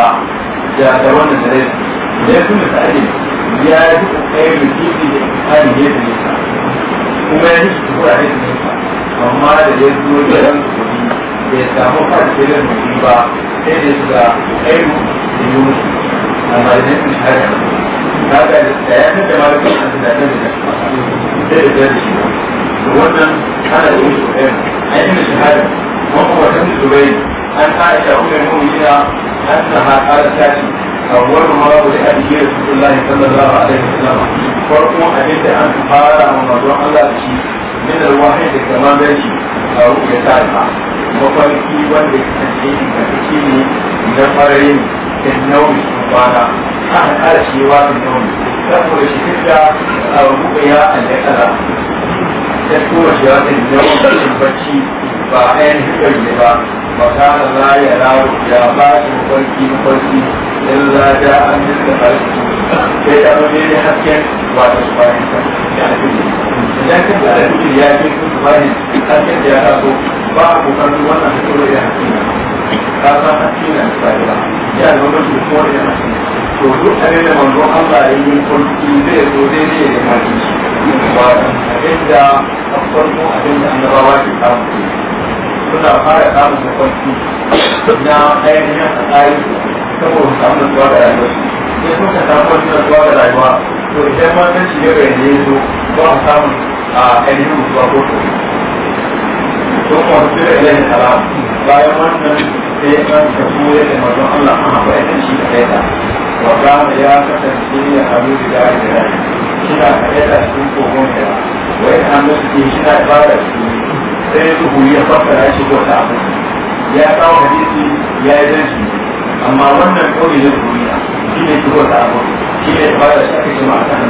da wannan da rai da ya kuma sa'adi ya yi kokarin da kifi da tsari ya da nisa kuma ya yi su kura da nisa amma da ya zo da ran kuɗi da ya samu kan shirin kuɗi ba sai da shiga kokarin da yi musu amma da nufin shari'a ta ga da ya kanta ma da kan da ta da sai da ta da shi wannan ana da yi kokarin a yi da shahada kuma kuma ta da zubai عن عائشة أم المؤمنين أنها قالت تاتي أول مرض لأبي رسول الله صلى الله عليه وسلم فرقوا أجد أن قال رمضان الله شيء من الواحد كما بيجي أو يتابع mafarki wanda ya kasance da kake ne na farayin da nauyi kwana aka kara cewa da nauyi saboda shi fita a rubuya a da kara ta tura nauyi bacci ba ainihin kai ne ba makana la ya rawo ya ba shi mafarki mafarki in la ja an yi da farki sai ya zama ne hasken wato su bayan sa ya kan da alhamdu ya ce kun su bayan hasken da ya taso ba a kokarin wannan hasken da hasken ka san hasken su bayan ba ya zama mutu da kowane da to duk a da manzo Allah ya yi farki zai zo daidai ya yi shi ba inda farko abin da annabawa ke samu suna fara samun kwanci na ainihin tsari saboda samun nutsuwa da rayuwa sai sun ka samu wani nutsuwa da rayuwa to idan mantanci ya bayyana ya zo ba a samun a ainihin nutsuwa ko kuma don kuma su da ilayin salam bayan wannan sai ya kan ka tuwe da mazan Allah an haɓa ya shi da kai wa gama ya kasance ya hannu da gari da gari shi na kaɗai da cikin kogon da wa ya hannu su ke shi na da sai rubu ya fassara shi ko ta abu ya kawo hadisi ya yi zanci amma wannan kawai na duniya shi ne shi ko ta abu shi ne ba da shi ake shi ma a kan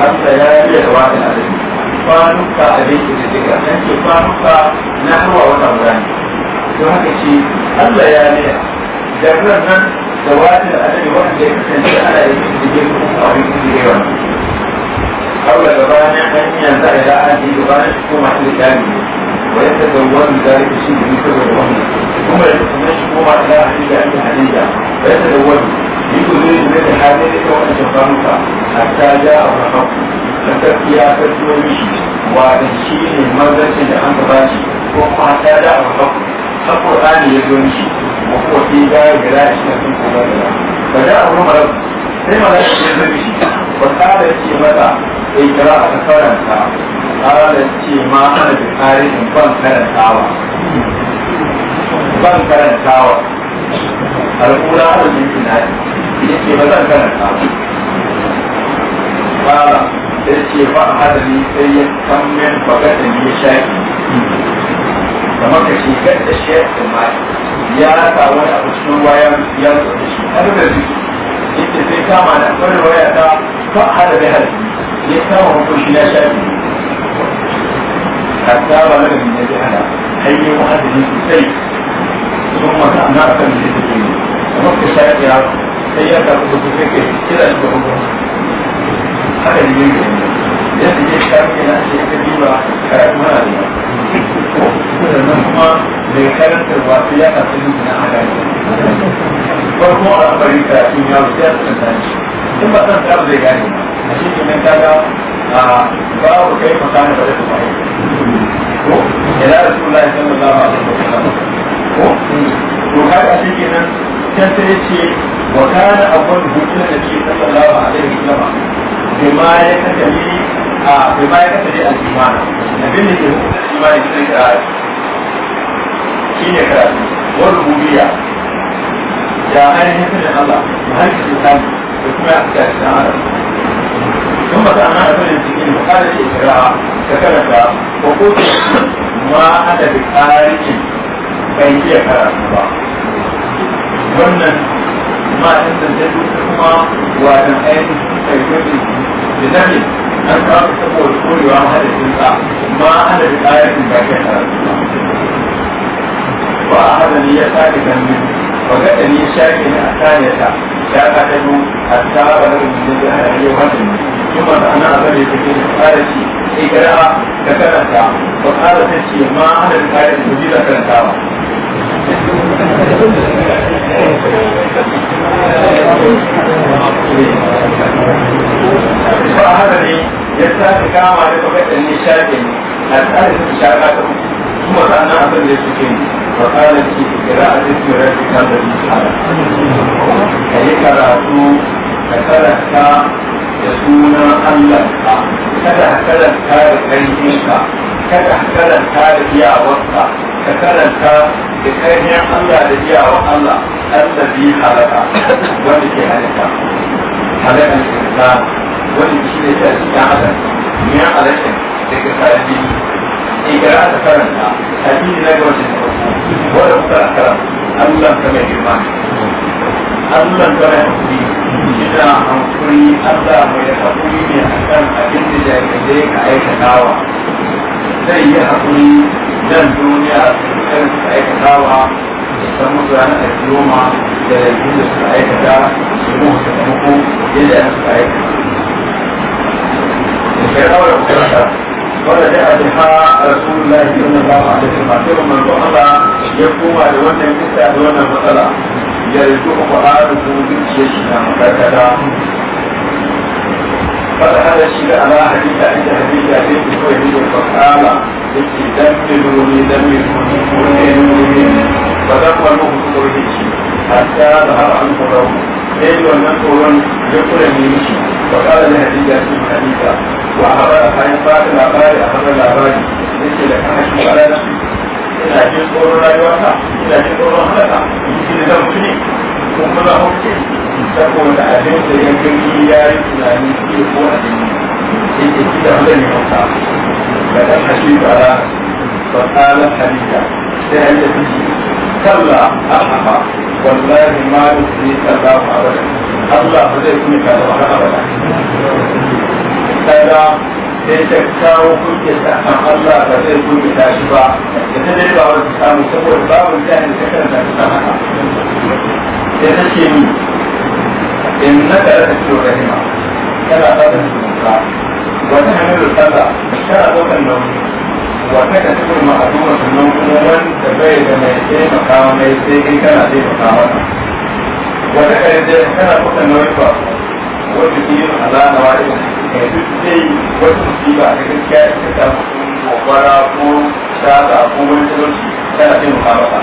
hasa ya yi da wata na zai kwanuka a zai ke da zika nan ce kwanuka na hawa wata guda ne don haka shi Allah ya liya da nan da wata da adadi wanda ya kasance ana yi da ke kuma a wani kuma yawa أول بقى نحن نبدأ إلى أن يبقى نشكو محل الثاني ويتزوجون ذلك الشيء يتزوجون هم لا يتمشوا على إلا أن حديدا ويتزوجون يقول لي بين حالك وأنت خامسة حتى جاء الرقم فتبكي تسويش وتشيل المدرسة لأنت باشي وحتى جاء الرقم القرآن يدونشي وهو في ذلك لا يشتكي فجاء الرقم ثم لا يشتكي وقال a متى اقرا كفرنتا قال شي da انا Ban بان كرنتاوا بان كرنتاوا الاولى على الامتناع yake ba zan karanta ba da ce ba a hadari sai ya kammen min ya shaƙi kamar ka shi gaɗa shi ya ya wani abu cikin waya ya zo da shi har da zuci yadda zai kama da wani waya ta fa'ada da halittu ya kama hukunci na shafi hatta ba na gani na jihana hanyar muhaddini sosai sun mata na kan da ta ke kamar ka shafi ya sai ya karɓi da kuka ke kira shi da hukunci haka ne yin gani yadda ya shafi na shi ka diba karatu mana da yawa sannan kuma mai karantarwa sai ya kasance na haka ne farko a bari karatun yaro sai a tsanta shi in ba san tsara zai gane a shi ke nan kaga a babu kai makana ba zai kuma ko ila rasulullahi sallallahu alaihi wasallam ko to kaga shi ke nan can sai ce wa kana abun hujjar da ke sallallahu alaihi wasallam bima ya kasance a bima ya kasance a imani abin da ke hujjar imani sai ka shine karatu wa rububiyya داعين مثل الله مهندس الإسلام يكون أحسن الشعار ثم فأنا أقول الدين وقال الإسراع ككلفة وقلت ما أنا بخارج بيني كلام الله wannan ma ɗan zanzan kuma wa ɗan ainihin sun kai gwamnati da nabi an kawo saboda korewa hadasin sa ma ana da ƙarfin bakin karatu ba a hadari ya sa da ganin وجدني شاكيا الثانية لا أعلم حتى بلغ الجزء الذي ثم أنا أبدي كثير قالت اقرأ فكرت وقالت ما أنا الآية الجديد كرتها فهذا لي يستاذ كما لتوقع النشاء الثالث إشارات ثم أنا أبدي كثير وقالت في قراءة اسم ربك بالمسحرة أي قراءته كسرتك يسونا ألك كذا كذلك لكيشك كذا كذلك لياوتك كذلك لكيشك الله لياوت الله الذي خلق ولك هلك خلق الإنسان ولك شيء تأتي من عليك لك سألتي إقراءة كرنك أتي لك وجهك wadanda ka Allah ka mai girma Allah ka mai hankali ina hankali Allah mai hankali ne a kan abin da jami'ai zai ka aika nawa zai yi hankali nan duniya su kan su aika nawa su samu su rana a kiyoma da yanzu da su aika da su mu su samu ku yadda su aika. Shekara wadanda ka ورجع بها رسول الله صلى الله عليه وسلم sai mun zo Allah ya koma da wannan kisa da wannan matsala ya rito Qur'ani ko zuciyar shi na makarkata فقد هذا الشيء على حديث عند حديث أبي سعيد فقال استدمروني دمروني حتى ظهر عنه روحه sai yi wannan tsoron ya kura ne mishi ba kala da hadisi ya cikin hadisa wa haɓar a kayan ba labari a haɓar labari da ce da kana shi ƙarar ina jin tsoron rayuwarka ina jin tsoron halaka shi da mutu ne ko kuma hukunci saboda abin da ya gani ya yi tunani ke ko a jini yake da wanda ne mata da ɗan hashi ƙara ba ƙarar hadisa sai hadisa kalla a'a wallahi ma yusi sallahu abada Allah ba zai kuma ka zama har abada kaga sai ta kawo kuke ta kan ba zai kuma ta shi ba da ta dai ba wata samu saboda babu jahil ta ta ta na wa kada su kuma a kuma sannan kuma wanda bai da mai taimaka mai sai kai kana taimaka masa wata kai da kana kuka nauyi wanda ke yin alama wa irin kai duk zai wata musiba ta gaskiya ta samu gobara ko shaka ko wani talauci kana taimaka masa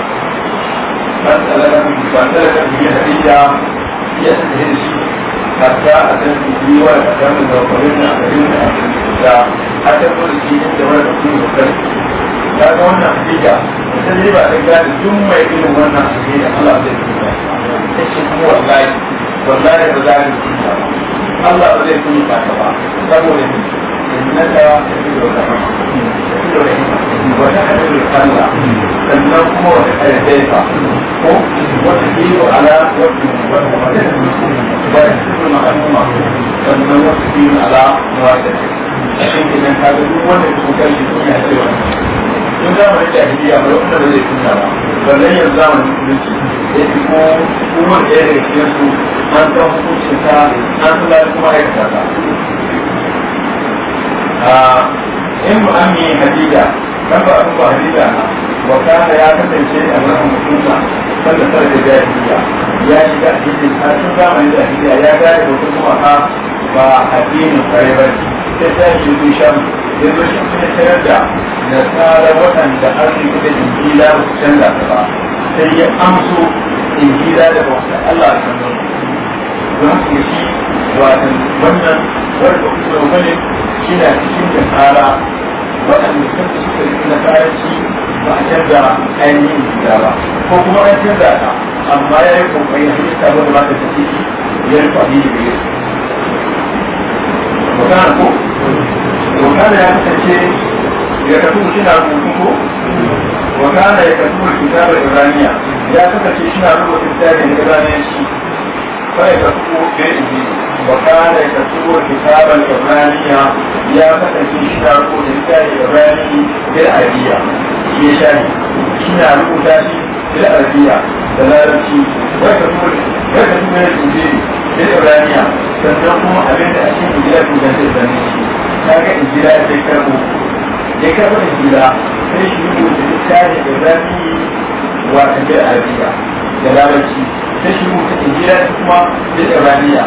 ban tsalaka ban tsalaka biyar da iya iya tafiye da shi hatta a kan yiwa da kan da kwarin na abin da ya hatta ko da shi ne da wani mutum da kan ya ga wannan abin da ta riba da gani duk mai irin wannan abin da Allah zai yi ba ta ce kuma wallahi wallahi ba za ka yi ba Allah zai yi ba saboda ne na ta yi da wani abin da ake sallah sannan kuma wata ƙarfafa ala wata wata bayan cikin ala wata shi ke nan kaga duk wanda kan ba su ba hadida wa kana ya kasance a nan mutunta sallar sallar jahiliya ya shiga cikin harsun zamanin jahiliya ya gane da wasu kuma ha ba addinin kare ba sai ta yi shi sham ya zo shi kuma tare da nasara waɗanda an shiga da injila ba su canza ta ba sai ya amso injila da bauta Allah a kan don su shi watan wannan wanda kuma wani shi na cikin da tsara waɗanda sun ci suka yi na kayanci ba a canza ainihin gida ba ko kuma an canza ta amma ya yi kokari na hanyar sabon ba ta tafi ya yi kwami da biyu magana ko magana ya kasance ya tafi mutum na rubutu ko magana ya tafi mutum ta da iraniya ya kasance shi na rubutu ta da shi. ba ya tafi ko bai injini وكان يكتب كتابا إبرانيا يا فتن في شعر للكتاب الإبراني بالعربية في شاهد شنا رؤوسات بالعربية دلالتي ويكتب ويكتب من الإنجيل بالإبرانية تنقوم أبين أشياء إلى كتاب الإبراني كان إنجيلا يكتب يكتب إنجيلا في شعر للكتاب الإبراني وكتاب العربية دلالتي تشبه الإنجيل ثم بالإبرانية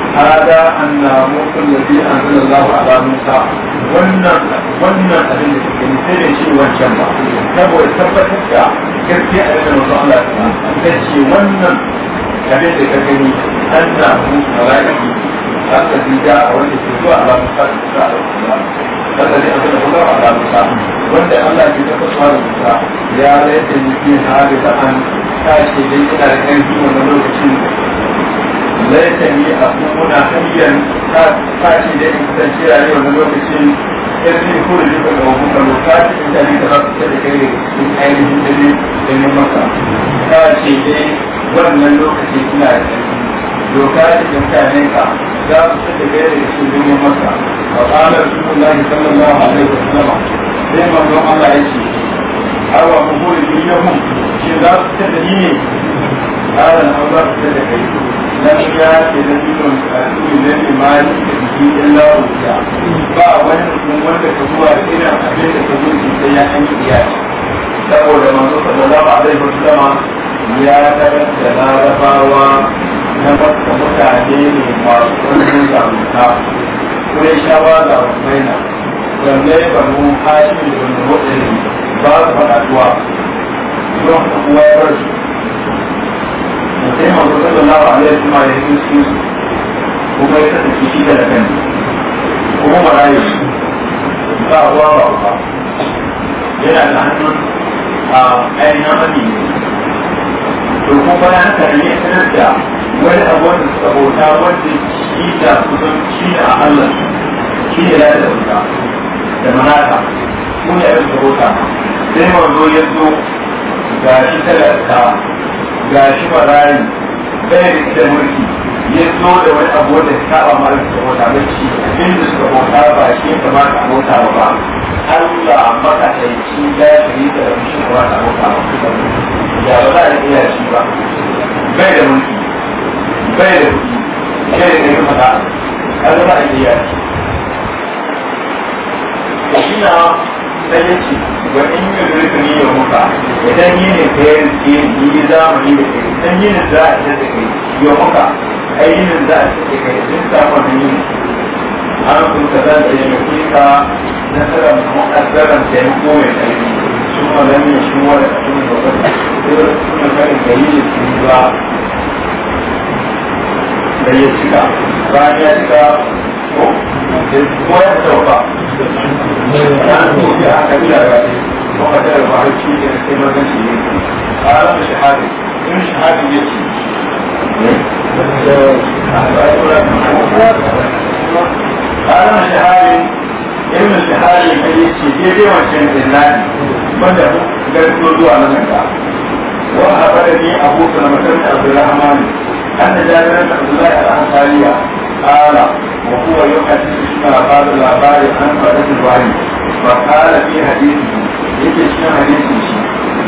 هذا الناموس الذي أنزل الله على موسى wannan wannan abin da suke yi sai dai shi wancan ba saboda tabbatar da gaskiya a yadda masu Allah ta ce wannan abin da ka gani an na musu mala'iki haka zai da a wanda ke zuwa ala musa da musa da musa haka zai abin da kuma ala wanda Allah ke tabbatar da musa ya rayar da ni fi hali da an tashi dai ina da ƙarfi wannan lokacin laitani a kuna hanyar tashi da in kasance rayuwa na lokacin yanzu ko da duka ga wani karo tashi in tashi da za su da kai in ainihin dare da ne maka tashi dai wannan lokaci suna da ƙarfi doka ta mutanen ka za su da kai da su da ne maka wa qala rasulullahi sallallahu alaihi wasallam sai manzon Allah ya ce awa mu ko da yahum shi za su da ni ne قال الأمر lafiya da na cikin karatu ne na imani da jiki ɗan lafiya ba wani mutum wanda ka zuwa irin abin da ka zuci sai ya an iya saboda manzo sallallahu alaihi wasallam ya tarar da larabawa na masa mutane ne masu wani zamuta kuma shawa da maina wanda ya banu hashi da wani mutane ba su faɗaɗuwa don kuwa ya bar su sai manzo sallallahu alaihi wasallam ya yi su kuma ya kasance shi da kan kuma marayu ba uwa ba uba yana da hannun a ainihin mafi to kuma bayan haka ne ya sanar da wani abu wanda suka bauta wanda shi da kusan shi da Allah shi da ya da wuta da manata ko da ya da wuta sai manzo ya zo ga shi ta. ga shi barayi bai da mulki ya zo da wani abu da ta ba ma da wata ci in da suka bauta ba shi ya kamata a mota ba ba Allah maka shi da shi da shi ba ta mota ba ya ba za a iya shi ba bai da mulki bai da kuɗi bai da ya mata Allah ba a ya shi shi na sai yake wa in yi rukuni ya muka idan yini yi zamani da kai idan yini za a ce da kai ya muka ai yini za a ce da kai sun samu da an kun ka zan da mu'azzaran ƙarfi shi wani a cikin babban da su ba da ya cika bayan ya cika ko ya وقد أربع شيء كما نسي قال ابن شهاب ابن شهاب يسي قال ابن شهاب ابن شهاب يسي يدي وشين بالله بدأ قد تدوى لنا وأخبرني أبو سلمة عبد الرحمن أن جابر بن عبد الله الأنصاري قال وهو يحدثنا بعض الأخبار عن فرد الوعي وقال في حديثه يجي شنو حديثه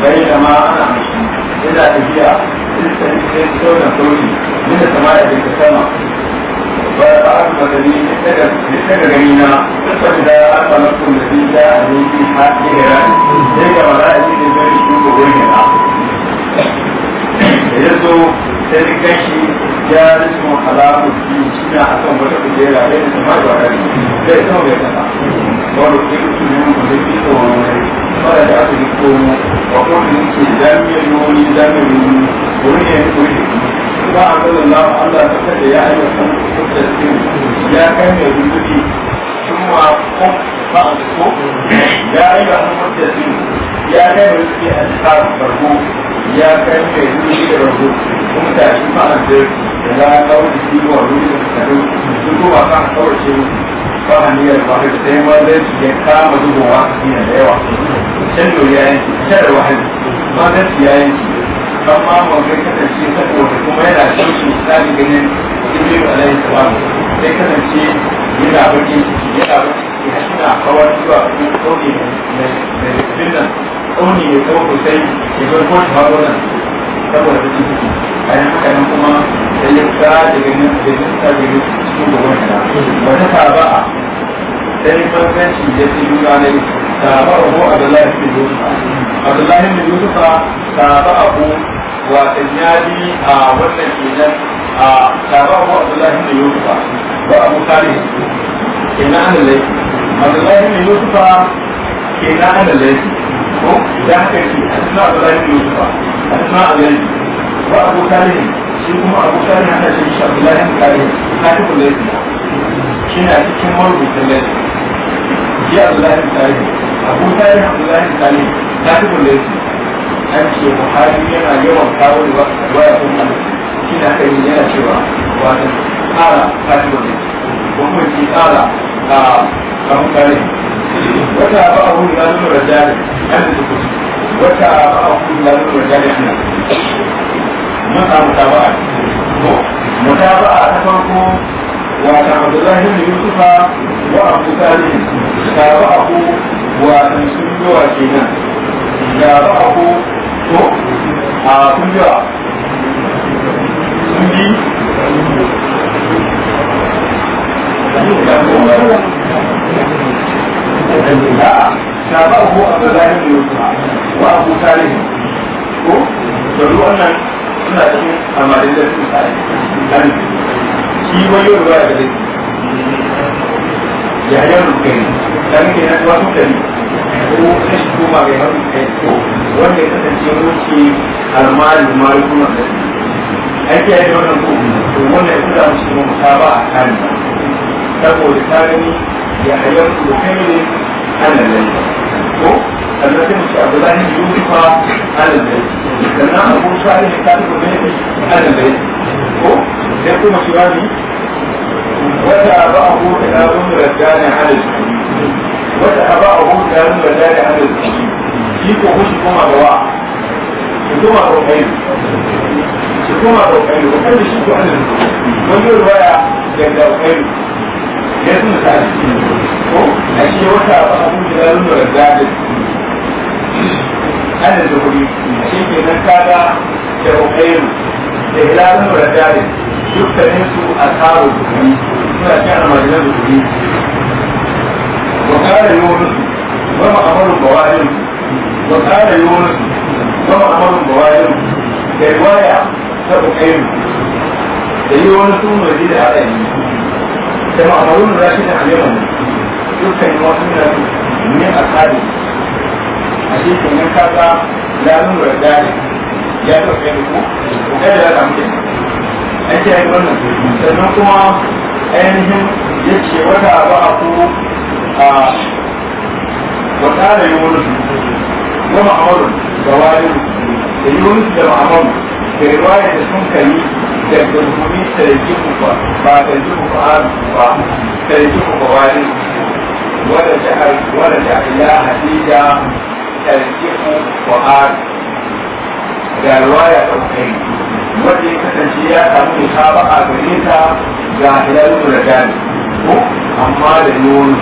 بينما أنا مشي إذا تجيء تستهدف سودا سودي من السماء إلى السماء فأعرف الذي اشتكى جميعنا فإذا أعلمت الذي جاءني في حق إيران تلك ملائكة الذي يشوف وجهنا يجب تلك الشيء ya rikin halaku biyu suna a kan wata kujera da ya sama da wani zai sama bai kasa wani kuma su ne mu da ke tsawon wani wanda da aka yi komo a kowane yake jami'a yoni jami'a yoni wani ya yi kuma a zanen lafa allah ta kada ya yi wasan kusa ya kai mai rubuti kuma ko ba a ko ya yi wasan kusa ya kai mai rubuti a cikin farko ya kai kai da rabu kuma da shi ma an da da ya kawo da shi wa ruwa da tsaro su kuma ka kawo shi ba a niyyar ba da sai ma zai ci ya kama zubowa a cikin da yawa can da ya yi can da wahala ma zai ci ya yi amma mun ga kasance saboda kuma yana son shi tsari ganin jibril alaihi salam sai kasance yana bakin yana bakin yana kawar zuwa cikin kauye mai mai ƙauni mai tsawo sosai ya zo kuma ta hagu nan saboda ta ciki a yi haka nan kuma da ya fita da ganin da ya fita da ya cikin gogon ta ba ta saba a sai farkanci ya fi yi ne saba a ko abdullahi bin yusufa abdullahi bin yusufa saba a ko wata yadi a wannan kenan a saba a ko abdullahi bin yusufa ba abu kare kenan an abdullahi bin yusufa kenan an da haka ce asma ba za yi Yusufa asma a gari ba abu kare shi kuma abu kare haka shi shi abu lahin kare na ta kula da shi na cikin marubuta lafi ji abu lahin kare abu na abu lahin kare na ta kula da an ce buhari yana yawan kawo da waya kuma shi na kai yana cewa wata tsara ta kula da kuma ce tsara a kamar kare wata ba a wuri na nuna rajali an da suku wata ba a wuri na nuna rajali an mun samu taba'a mutaba'a ta farko wata abdullahi da yusufa wa abu talib taba'ahu wa sun yawa kenan taba'ahu to a kun yawa sun yi بن كلاعة تابعه عبد الله يوسف وأبو سالم فلو أن suna cikin amarin da su sai dan shi wani yau da da ya ya ruke dan ke na wasu dari ko sai shi kuma bai haɗu kai ko wanda ya kasance wuce almalu malu kuma da ake yi wannan ko to wannan a kan saboda ta gani ya hayar kai ne halin da ko tabbatin su abu da ni yi fa halin da kana abu sa ne ka ko ne halin da ko sai kuma shi wani wata ba abu da abun da gane halin da wata ba abu da abun da gane halin da shi ko kushi kuma da wa shi kuma da kai shi kuma da kai ko kan shi ko halin da wani ruwaya da da kai ya tun da ko a cikin wata ba a kuma da rubar zaɓin ana da wuri a shi ke nan kaga da ukairu da hilalun da zaɓin dukkanin su a tsaro da wuri suna cikin almajinan da wuri وقال يونس وما أمر البوائل وقال يونس وما أمر البوائل كرواية سبقين da yi wani sun mai da haɗari da ma'amalun rashin aliman dukkanin wasu nan min asali a shi ke nan kaga da rajali ya tafiye da ku ko da ramu da a ce ai wannan sannan kuma ainihin ya ce wata abu a ku a wata da yunus na ma'amurin da wani da yunus da ma'amurin da ruwaya da sun kari da gurgumi sarki ku ba ba sarki ku ba ba sarki ku ba wani ورجع إلى هديدة ترجح وآل da ruwaya ta kai wanda ya kasance ya samu isaba a gare ta ga hilalu da dani ko amma da nuni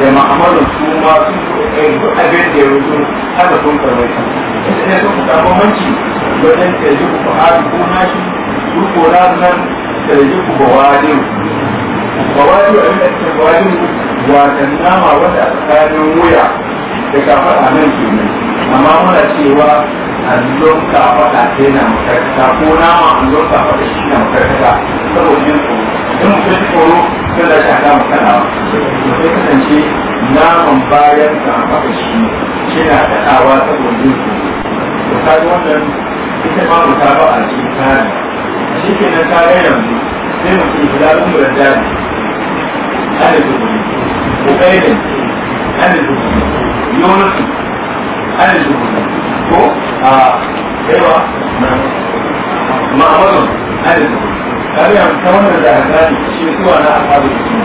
da ma'amalar su ma su kai duk abin da ya rubu haka sun karɓar shi ita ne sun kuka bambanci wajen da ji ku fa'ari ko nashi su ko nan da ji ku bawadin bawadin abin da ke wajen nama wanda tsakanin wuya da a nan ke nan amma muna cewa allon kafaɗa ke na makarta ko nama allon kafaɗa shi na makarta saboda yin tsoro in mutum ji tsoro sai da shi haka makana ba sai kasance naman bayan kafaɗa shi shi na kaɗawa saboda yin tsoro to kaji wannan ita ma mu ta ba a cikin kayan shi ke nan kayan yanzu sai mutum hilalun da jari ta da وقيد عن الجبن يونس عن الجبن هو آه ايوه معمر عن الجبن هذا يعني كون الأهدان شيء سوى أنا أصحاب الجبن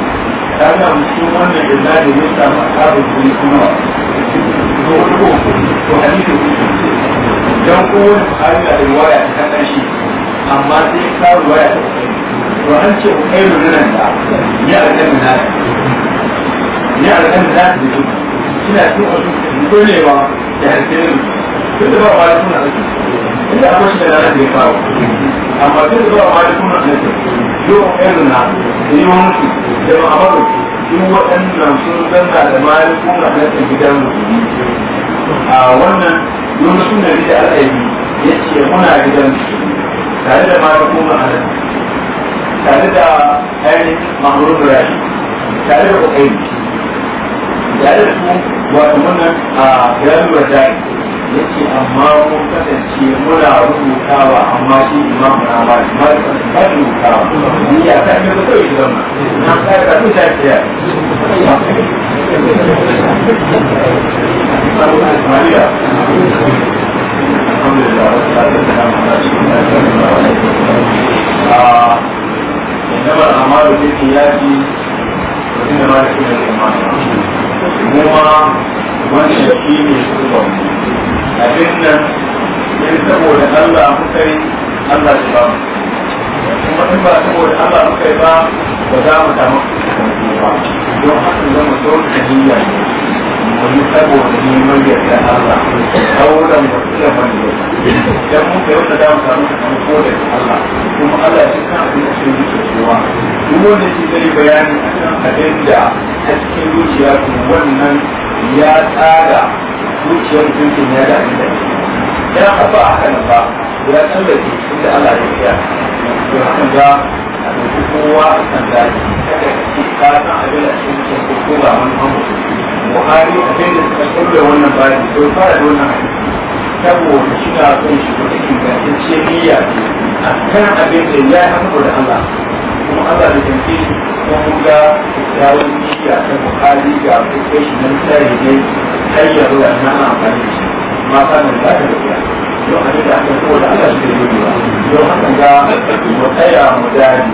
هذا مسلمان من الإبلاد يسلم أصحاب الجبن كما هو الروح وحديث don kowane bukari na da riwaya ta kan shi amma sai ka riwaya ta to an ce ku kai nan da ya ga nan ne a kan da su biyu ina cikin wasu dolewa da harkar duk da ba wa da kuna ake inda ko shi da na da ya amma duk da ba wa da kuna ake yau irin na da yi wani da ma'amaru duk waɗannan sun zanna da malin kuna ake gidan musulmi a wannan yau sun da rike al'ayi ya ce muna gidan tare da malin kuna ake tare da ainihin mahmuru da tare da kokaini tare da su wato wannan a yaluwar jari ya ce amma mun kasance muna rubutawa amma shi imamu na ba shi ma ba shi rubutawa ni ya ta ne ko yi zama na ta ta ta ta ta Alhamdulillah, إنما الأعمال بالنيات وإنما لكل الإيمان kuma wannan shi ne shugaban abin nan yin saboda Allah muka yi Allah shi ba kuma in ba saboda Allah muka yi ba ba za mu don haka zama sauran hanyar ne yi saboda neman yarda Allah sauran wasu da wanda idan muka yau da damu samu sakamako da Allah kuma Allah ya kan abin da shi yake cewa duk wanda shi zai bayani akan abin da a cikin zuciya kuma wannan ya tsara zuciyar mutum ya da abin da ya haɓa a kan ba ya tsallake inda Allah ya fiya to hakan da a ɗauki kowa a kan daji kada ka ci ka san abin da shi yake ko ba wani mamutu buhari abin da suka kulle wannan bayan to fara da wannan hadisi saboda shi na son shi ko cikin gaskiya niyya a kan abin da ya yi hannu da Allah kuma Allah da kanki kuma mun ga kyawun niyya ta buhari ga kai shi nan tsari ne har ya zuwa na amfani da shi mata nan za ta tafiya don abin da aka da Allah shi da yi ba don haka ga mu tsaya mu dage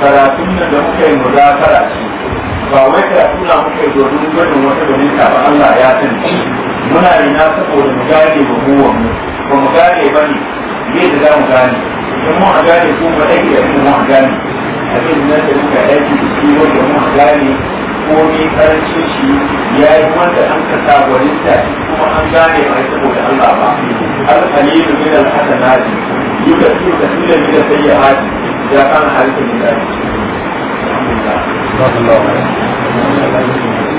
karatun nan da muka yi mu za fara shi ba wai karatu na muke domin gudun wata domin ta ba Allah ya sani muna ina saboda mu gane mu huwan mu ba mu gane ba ne yadda za mu gane mu a gane ko ba aiki da mu a gane abin nan da muka aiki da shi wanda mun gane ko ni karancin shi ya yi wanda an ka sa ta kuma an gane ba saboda Allah ba da min al-hasanati yukasiru kasiran min as-sayyi'ati da kan halin da not the law.